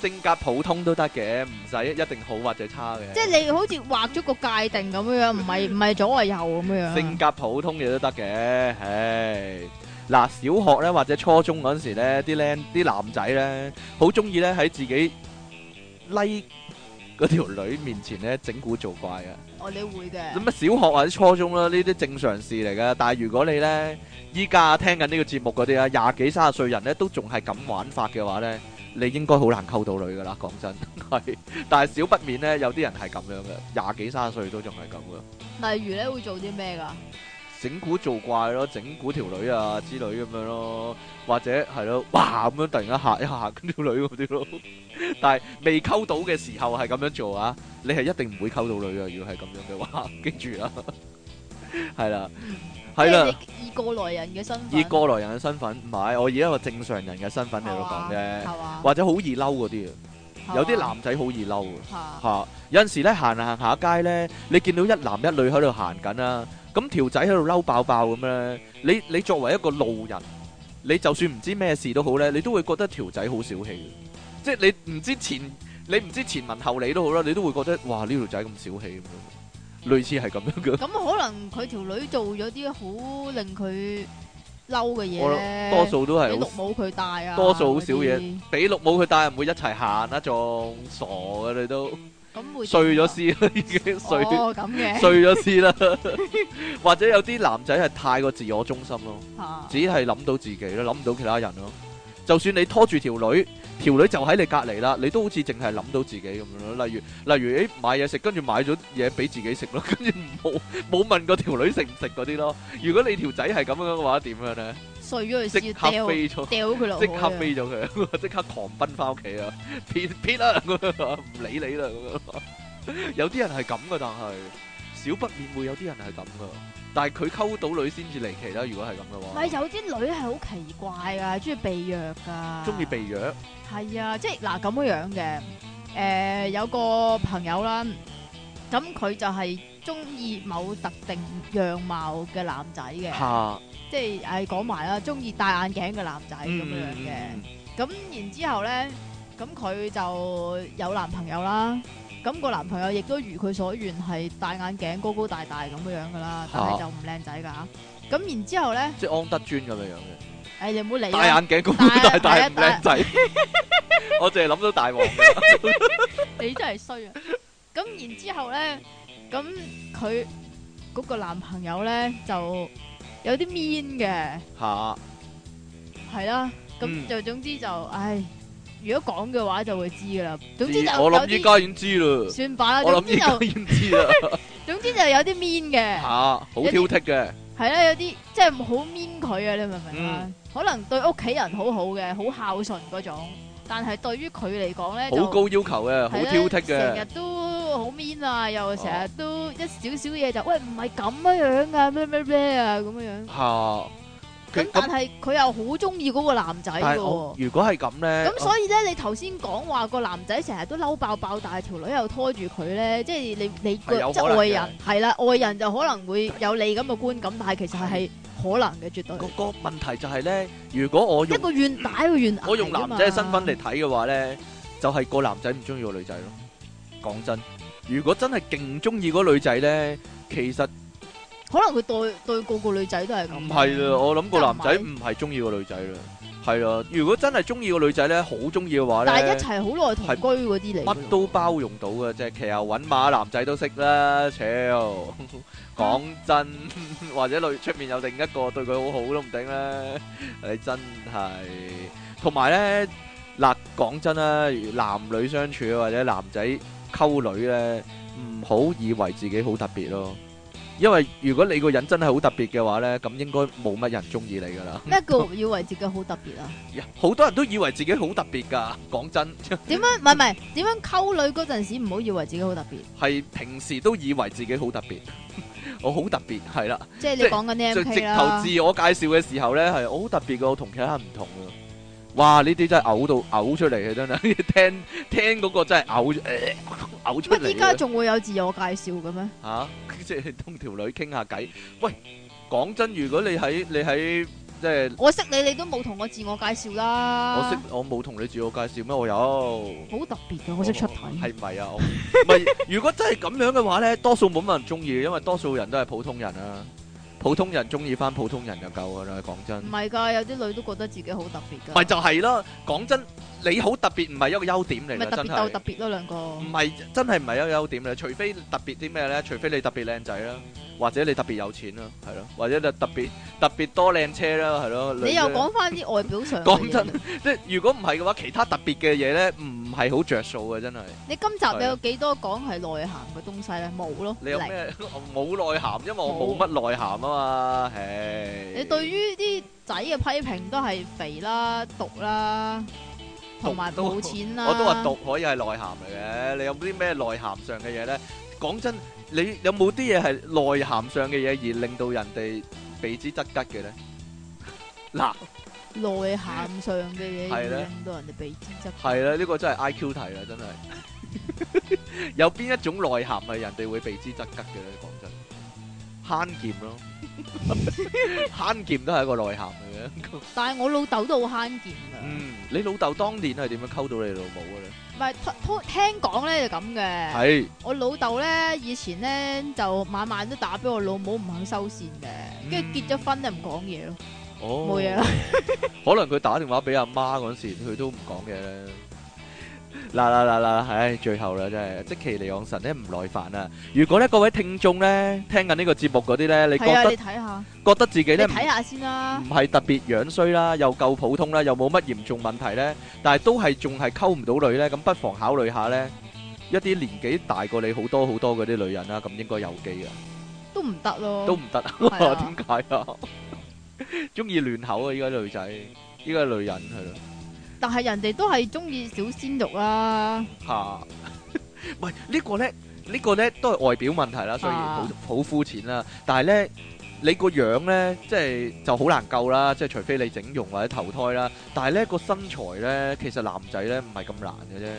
性格普通都得嘅，唔使一一定好或者差嘅。即係你好似畫咗個界定咁樣樣，唔係唔係左係右咁樣樣。性格普通嘅都得嘅。唉，嗱，小學咧或者初中嗰陣時咧，啲僆啲男仔咧，好中意咧喺自己 like 嗰條女面前咧整蠱做怪嘅。我哋、哦、你會嘅，咁啊小學或、啊、者初中啦、啊，呢啲正常事嚟嘅。但係如果你咧依家聽緊呢個節目嗰啲啊，廿幾三十歲人咧都仲係咁玩法嘅話咧，你應該好難溝到女噶啦。講真係，但係少不免咧，有啲人係咁樣嘅，廿幾三十歲都仲係咁噶。例如咧，會做啲咩噶？整蠱做怪咯，整蠱條女啊之類咁樣咯，或者係咯，哇咁樣突然間嚇一下一下跟條女嗰啲咯。但係未溝到嘅時候係咁樣做啊，你係一定唔會溝到女啊。如果係咁樣嘅話，記住啊，係啦，係啦，以過來人嘅身份，以過來人嘅身份唔係，我以一個正常人嘅身份嚟到講啫，係嘛？或者好易嬲嗰啲啊，有啲男仔好易嬲啊，嚇有陣時咧行啊行下街咧，你見到一男一女喺度行緊啊。咁條仔喺度嬲爆爆咁咧，你你作為一個路人，你就算唔知咩事都好咧，你都會覺得條仔好小氣嘅，即係你唔知前你唔知前文後理都好啦，你都會覺得哇呢條仔咁小氣咁樣，類似係咁樣嘅。咁可能佢條女做咗啲好令佢嬲嘅嘢咧，多數都係俾綠帽佢戴啊，多數好少嘢，俾綠帽佢戴唔會一齊行啊？仲傻啊你都。碎咗屍啦，已經碎，哦、 [laughs] 碎咗屍啦， [laughs] 或者有啲男仔係太過自我中心咯，啊、只係諗到自己咯，諗唔到其他人咯。就算你拖住條女，條女就喺你隔籬啦，你都好似淨係諗到自己咁樣咯。例如例如誒、欸、買嘢食，跟住買咗嘢俾自己食咯，跟住冇冇問過條女食唔食嗰啲咯。如果你條仔係咁樣嘅話，點樣咧？碎咗佢先，掉掉佢落，即刻飛咗佢，即刻狂奔翻屋企啊！撇撇啦，唔理你啦咁啊！有啲人係咁噶，但係少不免會有啲人係咁噶。但係佢溝到女先至離奇啦，如果係咁嘅話，唔係有啲女係好奇怪噶，中意被虐噶，中意被虐係啊！即係嗱咁樣樣嘅，誒有個朋友啦，咁佢就係。中意某特定樣貌嘅男仔嘅，哈即係誒，講埋啦，中意戴眼鏡嘅男仔咁樣嘅。咁、嗯、然之後咧，咁佢就有男朋友啦。咁、個男朋友亦都如佢所願係戴眼鏡、高高大大咁樣嘅啦，但係就唔靚仔㗎。咁然之後咧，即係安德尊咁樣樣嘅。誒、哎，你冇理戴眼鏡、高高大大唔靚仔。我淨係諗到大王 [laughs] 。你真係衰啊！咁然之後咧，咁佢嗰個男朋友咧就有啲 mean 嘅，吓係啦。咁就總之就，唉，如果講嘅話就會知噶啦。總之就我諗依家已經知啦。算罷啦，總之就知啦，總之就有啲 mean 嘅，吓好挑剔嘅。係啦，有啲即係好 mean 佢啊！你明唔明啊？可能對屋企人好好嘅，好孝順嗰種，但係對於佢嚟講咧，好高要求嘅，好挑剔嘅，成日都。好 man 啊！又成日都一少少嘢就喂，唔係咁樣樣啊咩咩咩啊咁樣樣。係咁，但係佢又好中意嗰個男仔嘅。如果係咁咧，咁所以咧，你頭先講話個男仔成日都嬲爆爆，但係條女又拖住佢咧，即係你你即係外人係啦，外人就可能會有你咁嘅觀感，但係其實係可能嘅，絕對。個個問題就係咧，如果我用一個願打一個願，我用男仔嘅身份嚟睇嘅話咧，就係個男仔唔中意個女仔咯。講真。如果真係勁中意嗰個女仔咧，其實可能佢對對個個女仔都係咁。唔係啊，我諗個男仔唔係中意個女仔啦，係啊。如果真係中意個女仔咧，好中意嘅話咧，但係一齊好耐同居嗰啲嚟，乜都包容到嘅啫。騎牛搵馬，男仔都識啦。屌，講真，或者女出面有另一個對佢好好都唔頂啦。你真係，同埋咧嗱，講真啊，男女相處或者男仔。溝女咧，唔好以為自己好特別咯。因為如果你個人真係好特別嘅話咧，咁應該冇乜人中意你噶啦。咩叫以為自己好特別啊？好 [laughs] 多人都以為自己好特別噶。講真，點樣？唔係唔係？點樣溝女嗰陣時唔好以為自己好特別。係 [laughs] 平時都以為自己好特別。 [laughs] 我好特別係啦。即係你講緊呢 m p 直頭自我介紹嘅時候咧，係我好特別噶，我同其他人唔同啊。哇！呢啲真係嘔到嘔出嚟嘅真係，聽聽嗰個真係嘔嘔出嚟。乜依家仲會有自我介紹嘅咩？吓、啊？即係同條女傾下偈。喂，講真，如果你喺你喺即係，就是、我識你，你都冇同我自我介紹啦。我識我冇同你自我介紹咩？我有。好特別㗎，我識出體。係咪係啊？唔係。 [laughs] 如果真係咁樣嘅話咧，多數冇乜人中意，因為多數人都係普通人啊。普通人鍾意返普通人就夠㗎啦，講真。唔係㗎，有啲女都覺得自己好特別㗎。咪就係咯，講真。你好特別唔係一個優點嚟嘅，真係特別都特別咯兩個。唔係真係唔係一個優點嘅，除非特別啲咩咧？除非你特別靚仔啦，或者你特別有錢啦，係咯，或者你特別特別多靚車啦，係咯。你又講翻啲外表上。講真，即係如果唔係嘅話，其他特別嘅嘢咧，唔係好著數嘅，真係。你今集有幾多講係內涵嘅東西咧？冇咯。你有咩冇內涵？因為我冇乜內涵啊嘛。嘿。你對於啲仔嘅批評都係肥啦、毒啦。同埋都冇錢啦。我都話讀可以係內涵嚟嘅。你有冇啲咩內涵上嘅嘢咧？講真，你有冇啲嘢係內涵上嘅嘢而令到人哋避之則吉嘅咧？嗱，內涵上嘅嘢令到人哋避之則吉，係啦，呢個真係 IQ 題啦，真係。有邊一種內涵係人哋會避之則吉嘅咧？講真，慳儉咯。慳儉都係一個內涵嚟嘅。 [laughs] 但係我老豆都好慳儉噶嗯，你老豆當年係點樣溝到你老母嘅咧？唔係，聽講咧就咁、是、嘅。係是我老豆咧，以前咧就晚晚都打俾我老母，唔肯收綫嘅，跟住，嗯、結咗婚就唔講嘢咯，冇嘢啦。事 [laughs] 可能佢打電話俾阿媽嗰陣時，佢都唔講嘢咧。嗱嗱嗱嗱，唉，最後啦，真係積淇離岸神咧唔耐煩啊！如果咧各位聽眾咧聽緊呢個節目嗰啲咧，你覺得、啊、你睇下覺得自己咧唔係特別樣衰啦，又夠普通啦，又冇乜嚴重問題咧，但係都係仲係溝唔到女咧，咁不妨考慮下咧，一啲年紀大過你好多好多嗰啲女人啦，咁應該有機啊！都唔得咯，都唔得啊！點解啊？鍾意亂口啊！依家女仔，依家女人係但係人哋都係中意小鮮肉啦，啊，吓、啊？唔 [laughs] 係、呢個、呢、呢個咧，呢個咧都係外表問題啦，雖然、啊、好好膚淺啦。但係咧，你個樣咧，即係就好難救啦，即係除非你整容或者投胎啦。但係咧個身材咧，其實男仔咧唔係咁難嘅啫。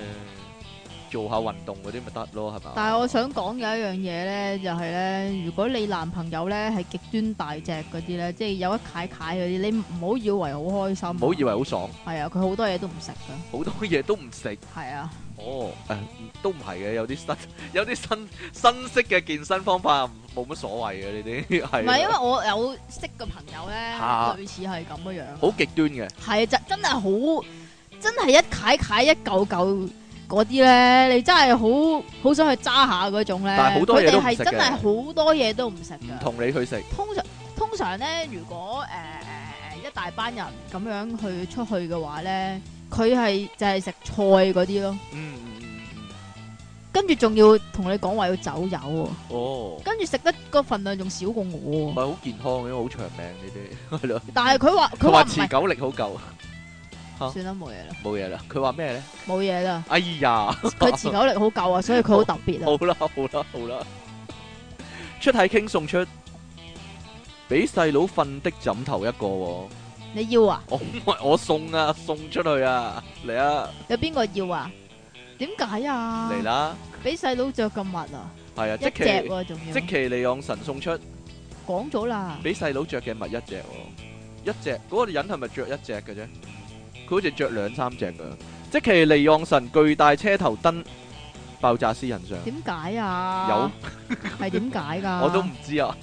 做下運動嗰啲咪得咯，係嘛？但係我想講嘅一樣嘢咧，就係咧，如果你男朋友咧係極端大隻嗰啲咧，即係有一攋攋嗰啲，你唔好以為好開心，唔好以為好爽。係啊，佢好多嘢都唔食嘅。好多嘢都唔食。係啊。哦，誒，都唔係嘅，有啲新，有啲新新式嘅健身方法冇乜所謂嘅呢啲係。唔係因為我有識嘅朋友咧，類似係咁嘅樣。好極端嘅。係啊，就真係好，真係一攋攋一嚿嚿。嗰啲咧，你真係好好想去揸下嗰種咧。佢哋係真係好多嘢都唔食嘅。唔同你去食。通常通常咧，如果誒誒、呃、一大班人咁樣去出去嘅話咧，佢係就係、是、食菜嗰啲咯。嗯，嗯。跟住仲要同你講話要走油喎。哦。跟住食得個份量仲少過我。唔係好健康因為，好長命呢啲。係 [laughs] 咯。但係佢話佢話持久力好夠。 [laughs] 算啦，冇嘢啦，冇嘢啦。佢話咩咧？冇嘢啦。哎呀，佢持久力好夠啊，所以佢好特別啊。好啦，好啦，好啦。出體 king 送出，俾細佬瞓的枕頭一個。你要啊？我我送啊，送出去啊，嚟啊。有邊個要啊？點解啊？嚟啦！俾細佬着咁密啊？係啊，一隻仲要，積淇離岸神送出。講咗啦。俾細佬着嘅物一隻，一隻嗰個人係咪着一隻嘅啫？好似着兩三隻㗎，即積淇離岸神巨大車頭燈爆炸私人相，點解啊？有係點解㗎？我都唔知啊，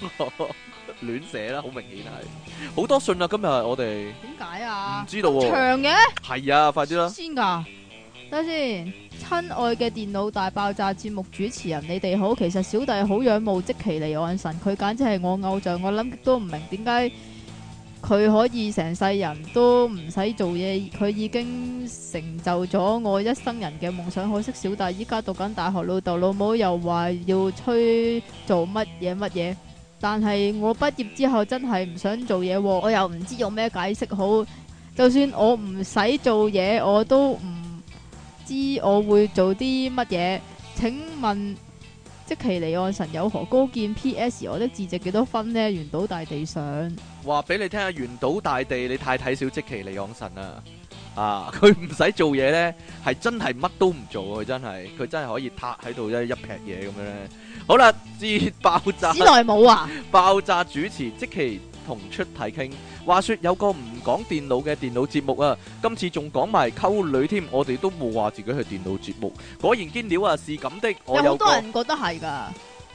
亂寫啦，好明顯係好多信啊！今日我哋點解啊？唔知道喎，長嘅係啊，快啲啦！先㗎等陣先，親愛嘅電腦大爆炸節目主持人，你哋好。其實小弟好仰慕即積淇離岸神，佢簡直係我偶像，我諗極都唔明點解。佢可以成世人都唔使做嘢，佢已經成就咗我一生人嘅夢想。可惜小弟依家讀緊大學，老豆老母又話要催做乜嘢乜嘢。但係我畢業之後真係唔想做嘢，我又唔知用咩解釋好。就算我唔使做嘢，我都唔知我會做啲乜嘢。請問積淇離岸神有何高見？P.S. 我都字值幾多分呢？圓島大地上，話俾你聽下。圓島大地，你太睇小積淇離岸神啦！啊，佢唔使做嘢咧，係真係乜都唔做啊！佢真係，佢真係可以撻喺度，一劈嘢咁樣咧。好啦，至爆炸。史萊姆啊！爆炸主持積淇同出體 King。話説有個唔講電腦嘅電腦節目啊，今次仲講埋溝女添，我哋都冇話自己係電腦節目，果然堅料啊，是咁的。我有好多人覺得係噶。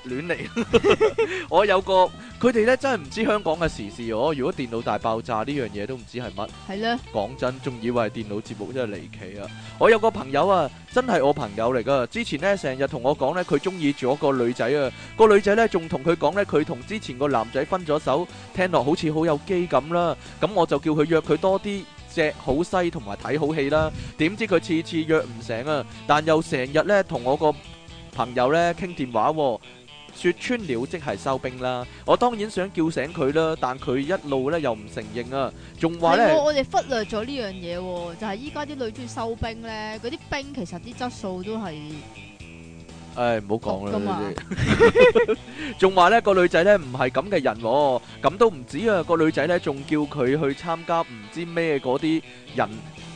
亂嚟！我有個佢哋咧，真係唔知香港嘅時事喎。如果電腦大爆炸呢樣嘢都唔知係乜。係咧。講真，仲以為電腦節目真係離奇啊！我有個朋友啊，真係我朋友嚟噶。之前咧成日同我講咧，佢中意咗個女仔啊。個女仔咧仲同佢講咧，佢同之前個男仔分咗手，聽落好似好有機咁啦。咁我就叫佢約佢多啲，隻好西同埋睇好戲啦。點知佢次次約唔成啊！但又成日咧同我個朋友咧傾電話喎。說穿了即係收兵啦，我當然想叫醒佢啦，但佢一路咧又唔承認啊，仲話咧。我我哋忽略咗呢樣嘢，就係依家啲女仔收兵咧，嗰啲兵其實啲質素都係。誒，唔好講啦，呢啲。仲話咧個女仔咧唔係咁嘅人，咁都唔止啊！個女仔咧仲叫佢去參加唔知咩嗰啲人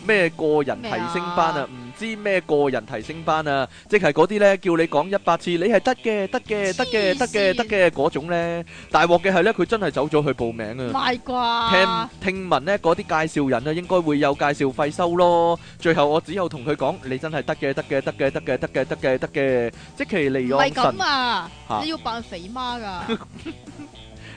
咩個人提升班啊！知咩個人提升班啊？即係嗰啲咧，叫你講一百次，你係得嘅，得嘅，得嘅，得嘅，得嘅嗰種咧。大鑊嘅係咧，佢真係走咗去報名啊！唔係啩？聽聽聞咧，嗰啲介紹人啊，應該會有介紹費收咯。最後我只有同佢講：你真係得嘅，得嘅，得嘅，得嘅，得嘅，得嘅，得嘅，積淇離岸神。唔係咁啊！你要扮肥媽噶？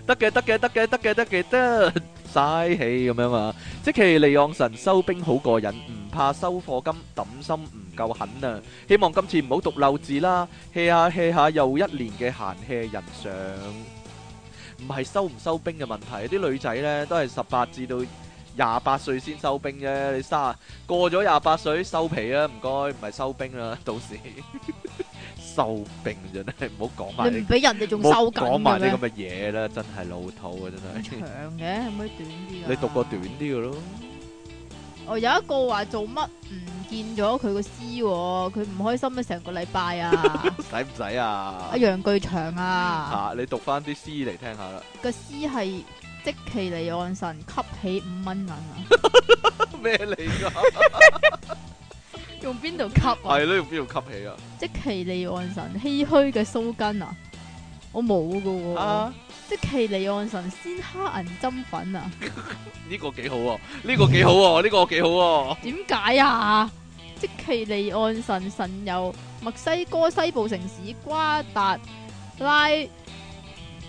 得嘅，得嘅，得嘅，得嘅，得嘅，得嘥氣咁樣啊！積淇離岸神收兵好過癮。怕收貨金抌心唔夠狠啊！希望今次唔好讀漏字啦，hea 下 hea 下又一年嘅閒 hea 人上，唔係收唔收兵嘅問題。啲女仔咧都係十八至到廿八歲先收兵啫。你卅過咗廿八歲收皮啊！唔該，唔係收兵啦，到時收兵就係唔好講埋。你唔俾人哋仲收緊咩？唔好講埋啲咁嘅嘢啦，真係老土啊！真係。長嘅可唔可以短啲啊？你讀個短啲嘅咯。哦，有一個話做乜唔見咗佢個詩，佢唔開心咧成個禮拜啊！使唔使啊？阿楊巨祥啊，啊！你讀翻啲詩嚟聽下啦。個詩係積淇離岸神吸起五蚊銀啊！咩嚟噶？ [laughs] [laughs] 用邊度吸啊？係咧 [laughs] 用邊度吸起啊？積淇離岸神唏噓嘅鬚根啊！我冇噶喎。啊即淇離岸神鮮蝦銀針粉啊！呢 [laughs] 個幾好喎，呢個幾好喎，呢個幾好喎。點解啊？即、這個啊 [laughs] 啊、淇離岸神神遊墨西哥西部城市瓜達拉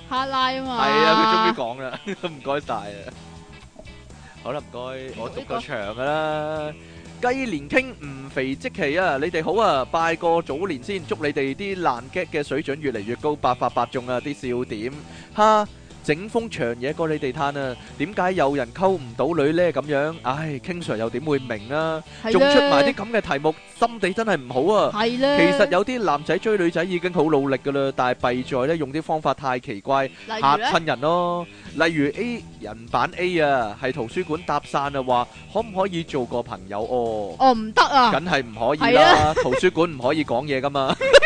哈拉啊嘛。係啊，佢終於講啦，唔該晒啊。 [laughs] 好啦，唔該，我讀個場噶啦。雞年傾唔肥即肥啊！你哋好啊，拜個早年先，祝你哋啲爛 g 嘅水準越嚟越高，百發百中啊！啲笑點哈～整封長嘢過你地攤啊？點解有人溝唔到女呢？咁樣，唉，King Sir 又點會明啊？仲呢出埋啲咁嘅題目，心地真係唔好啊！呢其實有啲男仔追女仔已經好努力噶啦，但係弊在咧用啲方法太奇怪嚇親人咯。例如 A 人版 A 啊，係圖書館搭訕啊，話可唔可以做個朋友、啊、哦？哦，唔得啊，梗係唔可以啦！是啊、 [laughs] 圖書館唔可以講嘢噶嘛。 [laughs]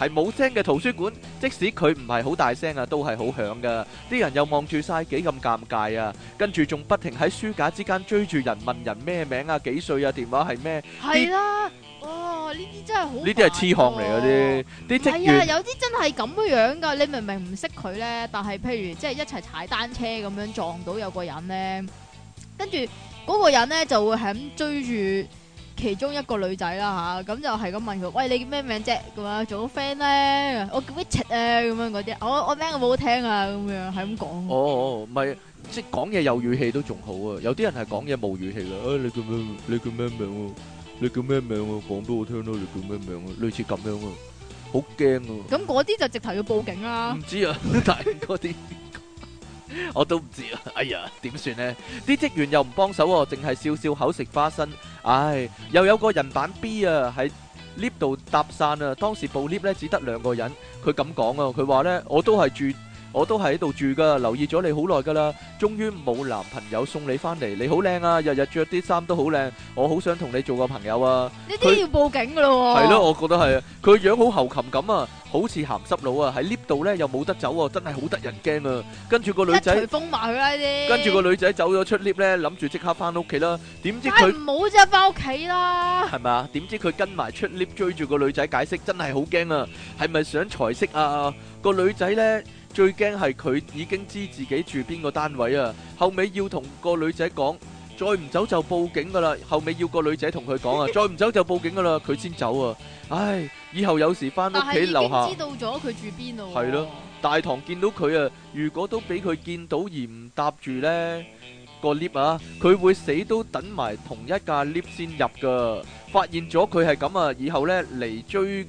係冇聲嘅圖書館，即使佢唔係好大聲啊，都係好響噶。啲人又望住晒幾咁尷尬啊！跟住仲不停喺書架之間追住人問人咩名啊、幾歲啊、電話係咩？係啦、啊，這哇！呢啲真係好呢啲係黐漢嚟嗰啲，啲職員、啊、有啲真係咁樣樣㗎。你明明唔識佢咧，但係譬如即係一齊踩單車咁樣撞到有個人咧，跟住嗰個人咧就會係咁追住。其中一個女仔啦吓，咁、啊、就係咁問佢：喂，你叫咩名啫？咁樣做個 friend 咧，我叫 Richard 啊，咁樣嗰啲，我我 name 冇好聽啊，咁樣係咁講。哦哦，唔係，即係講嘢有語氣都仲好啊，有啲人係講嘢冇語氣嘅，誒你叫咩？你叫咩名你叫咩名喎？講俾我聽到，你叫咩名啊？類似咁樣啊，好驚啊！咁嗰啲就直頭要報警啦。唔知啊，但啲。我都唔知啊！哎呀，點算咧？啲職員又唔幫手，淨係笑笑口食花生。唉，又有個人版 B 啊喺 lift 度搭訕啊！當時部 lift 咧，只得兩個人。佢咁講啊，佢話咧，我都係住，我都係喺度住噶，留意咗你好耐噶啦。終於冇男朋友送你翻嚟，你好靚啊！日日着啲衫都好靚，我好想同你做個朋友啊！呢啲要報警噶咯，係咯，我覺得係啊。佢樣好猴琴咁啊！好似鹹濕佬啊，喺 lift 度，咧又冇得走喎，真係好得人驚啊！跟住個女仔封埋佢啦啲。跟住個女仔走咗出 lift 咧，諗住即刻翻屋企啦。點知佢唔好即刻，翻屋企啦。係咪？點知佢跟埋出 lift 追住個女仔解釋，真係好驚啊！係咪想財色啊？個女仔咧最驚係佢已經知自己住邊個單位啊！後尾要同個女仔講。再唔走就報警噶啦，後尾要個女仔同佢講啊， [laughs] 再唔走就報警噶啦，佢先走啊，唉，以後有時翻屋企樓下，知道咗佢住邊度。係咯，大堂見到佢啊，如果都俾佢見到而唔搭住呢，個 lift 啊，佢會死都等埋同一架 lift 先入噶，發現咗佢係咁啊，以後呢，嚟追。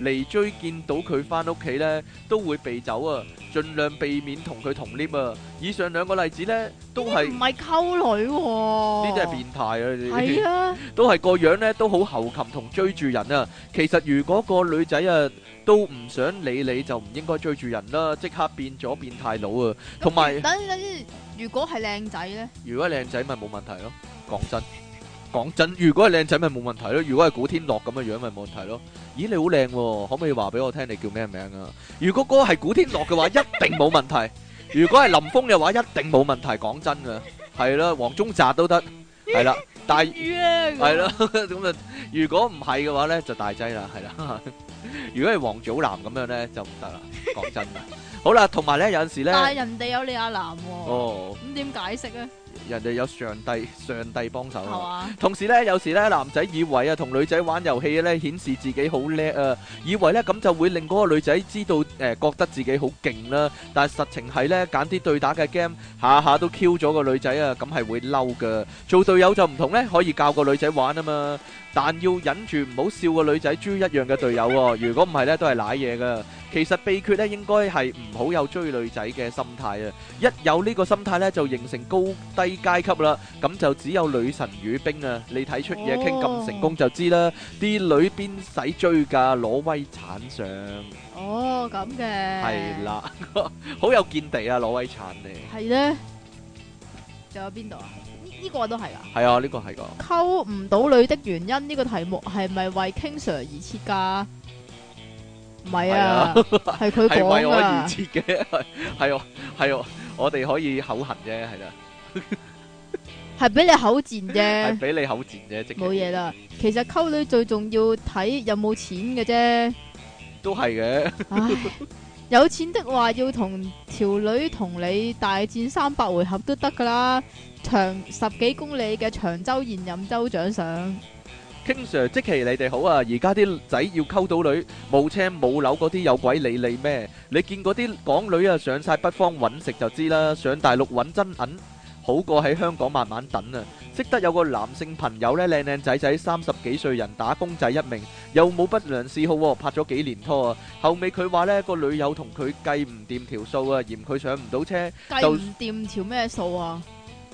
嚟追見到佢翻屋企呢，都會避走啊！盡量避免同佢同 lift 啊！以上兩個例子呢，都係唔係溝女？呢啲真係變態啊！係啊，都係個樣呢，都好猴擒同追住人啊！其實如果個女仔啊，都唔想理你就唔應該追住人啦，即刻變咗變態佬啊！同埋，等如果係靚仔呢，如果靚仔咪冇問題咯。講真。講真，如果係靚仔咪冇問題咯，如果係古天樂咁嘅樣咪冇問題咯。咦，你好靚喎，可唔可以話俾我聽你叫咩名啊？如果個係古天樂嘅話，一定冇問題；如果係林峰嘅話，一定冇問題。講真啊，係啦，黃宗澤都得，係啦，但係係啦，咁啊，如果唔係嘅話咧，就大劑啦，係啦。如果係王祖藍咁樣咧，就唔得啦。講真啊，好啦，同埋咧，有陣時咧，人哋有李亞男，哦，咁點解釋啊？人哋有上帝，上帝幫手。同時咧，有時咧，男仔以為啊，同女仔玩遊戲咧，顯示自己好叻啊，以為咧，咁就會令嗰個女仔知道誒覺得自己好勁啦。但係實情係咧，揀啲對打嘅 game，下下都 Q 咗個女仔啊，咁係會嬲㗎。做隊友就唔同咧，可以教個女仔玩啊嘛。但要忍住唔好笑個女仔豬一樣嘅隊友啊。如果唔係咧，都係瀨嘢㗎。其實秘訣咧，應該係唔好有追女仔嘅心態啊。一有呢個心態咧，就形成高低。階級啦，咁就只有女神與兵啊！你睇出體 King 咁成功就知啦。啲女邊使追噶？挪威產相哦，咁嘅係啦，好有見地啊！挪威產你係咧，仲有邊度啊？呢呢個都係噶，係啊，呢個係噶。溝唔到女的原因呢個題目係咪為 King Sir 而設噶？唔係啊，係佢係為我而設嘅，係係我，係我，我哋可以口痕啫，係啦。係俾 [laughs] [laughs] 你口賤啫，係俾你口賤啫。即冇嘢啦。其實溝女最重要睇有冇錢嘅啫，都係是嘅 [laughs] 。有錢的話要同條女同你大戰三百回合都得噶啦。長十幾公里嘅長洲現任州長上 King Sir，積淇你哋好啊。而家啲仔要溝到女冇車冇樓嗰啲有鬼理你咩？你見嗰啲港女啊，上晒北方揾食就知啦，上大陸揾真銀。好過喺香港慢慢等啊！識得有個男性朋友咧，靚靚仔仔，三十幾歲人，打工仔一名，又冇不良嗜好，拍咗幾年拖啊。後尾佢話咧，個女友同佢計唔掂條數啊，嫌佢上唔到車。計唔掂條咩數啊？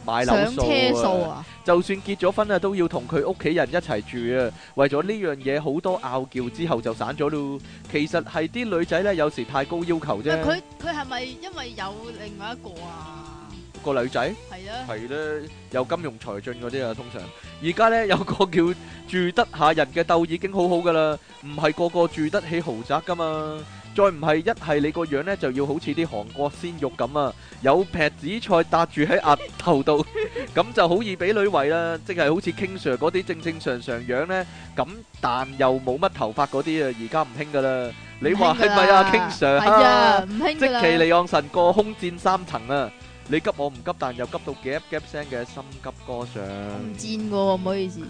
買樓上車數啊！就算結咗婚啊，都要同佢屋企人一齊住啊。為咗呢樣嘢，好多拗撬之後就散咗咯。其實係啲女仔咧，有時太高要求啫。佢佢係咪因為有另外一個啊？個女仔係啦，係咧，有金融才俊嗰啲啊，通常而家咧有個叫住得下人嘅竇已經好好噶啦，唔係個個住得起豪宅噶嘛，再唔係一係你個樣咧就要好似啲韓國鮮肉咁啊，有劈紫菜搭住喺額頭度，咁就好易俾女圍啦，即係好似 King Sir 嗰啲正正常常樣咧，咁但又冇乜頭髮嗰啲啊，而家唔興噶啦，你話係咪啊，King Sir？係啊，唔興。即積淇離岸神個空戰三層啊！你急我唔急，但又急到夾夾聲嘅心急歌上，唔賤噶，唔好意思。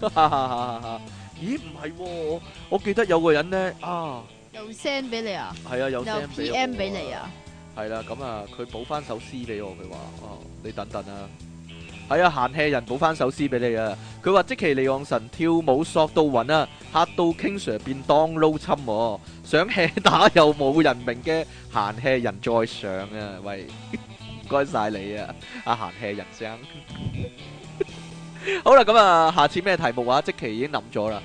咦，唔係喎，我記得有個人呢啊，又 send 俾你啊，係啊，又 send PM 俾你啊，係啦，咁啊，佢補翻首詩俾我，佢話，哦，你等等啊，係啊，閒氣人補翻首詩俾你啊，佢話積淇離岸神跳舞索到暈啊，吓到 King Sir 變當勞侵，想氣打又冇人明嘅閒氣人再上啊，喂。唔該曬你啊，啊，閒氣人生。好啦，咁啊，下次咩題目啊？即期已經諗咗啦。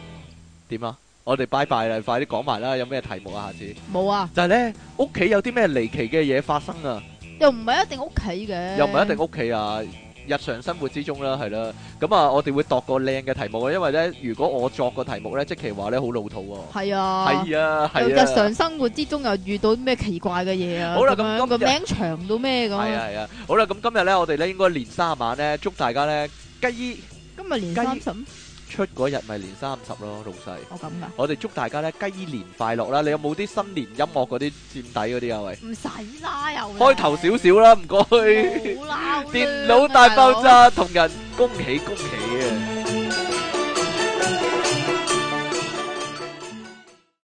點啊？我哋拜拜啦，快啲講埋啦。有咩題目啊？下次冇啊？就係咧，屋企有啲咩離奇嘅嘢發生啊？又唔係一定屋企嘅，又唔係一定屋企啊？日常生活之中啦，係啦，咁、嗯、啊、嗯，我哋會度個靚嘅題目啊，因為咧，如果我作個題目咧，即係話咧，好老土啊，哦，係啊的，係啊，喺日常生活之中又遇到咩奇怪嘅嘢啊？好啦，咁個名長到咩咁？係啊，係啊，嗯、好啦，咁今日咧，我哋咧應該年三十晚咧，祝大家咧，雞今日年三十。出嗰日咪年三十咯，老細。我咁噶。我哋祝大家咧雞年快樂啦！你有冇啲新年音樂嗰啲墊底嗰啲啊？喂。唔使啦，又。開頭少少啦，唔該。好 [laughs] 電腦大爆炸，哥同人恭喜恭喜啊！嗯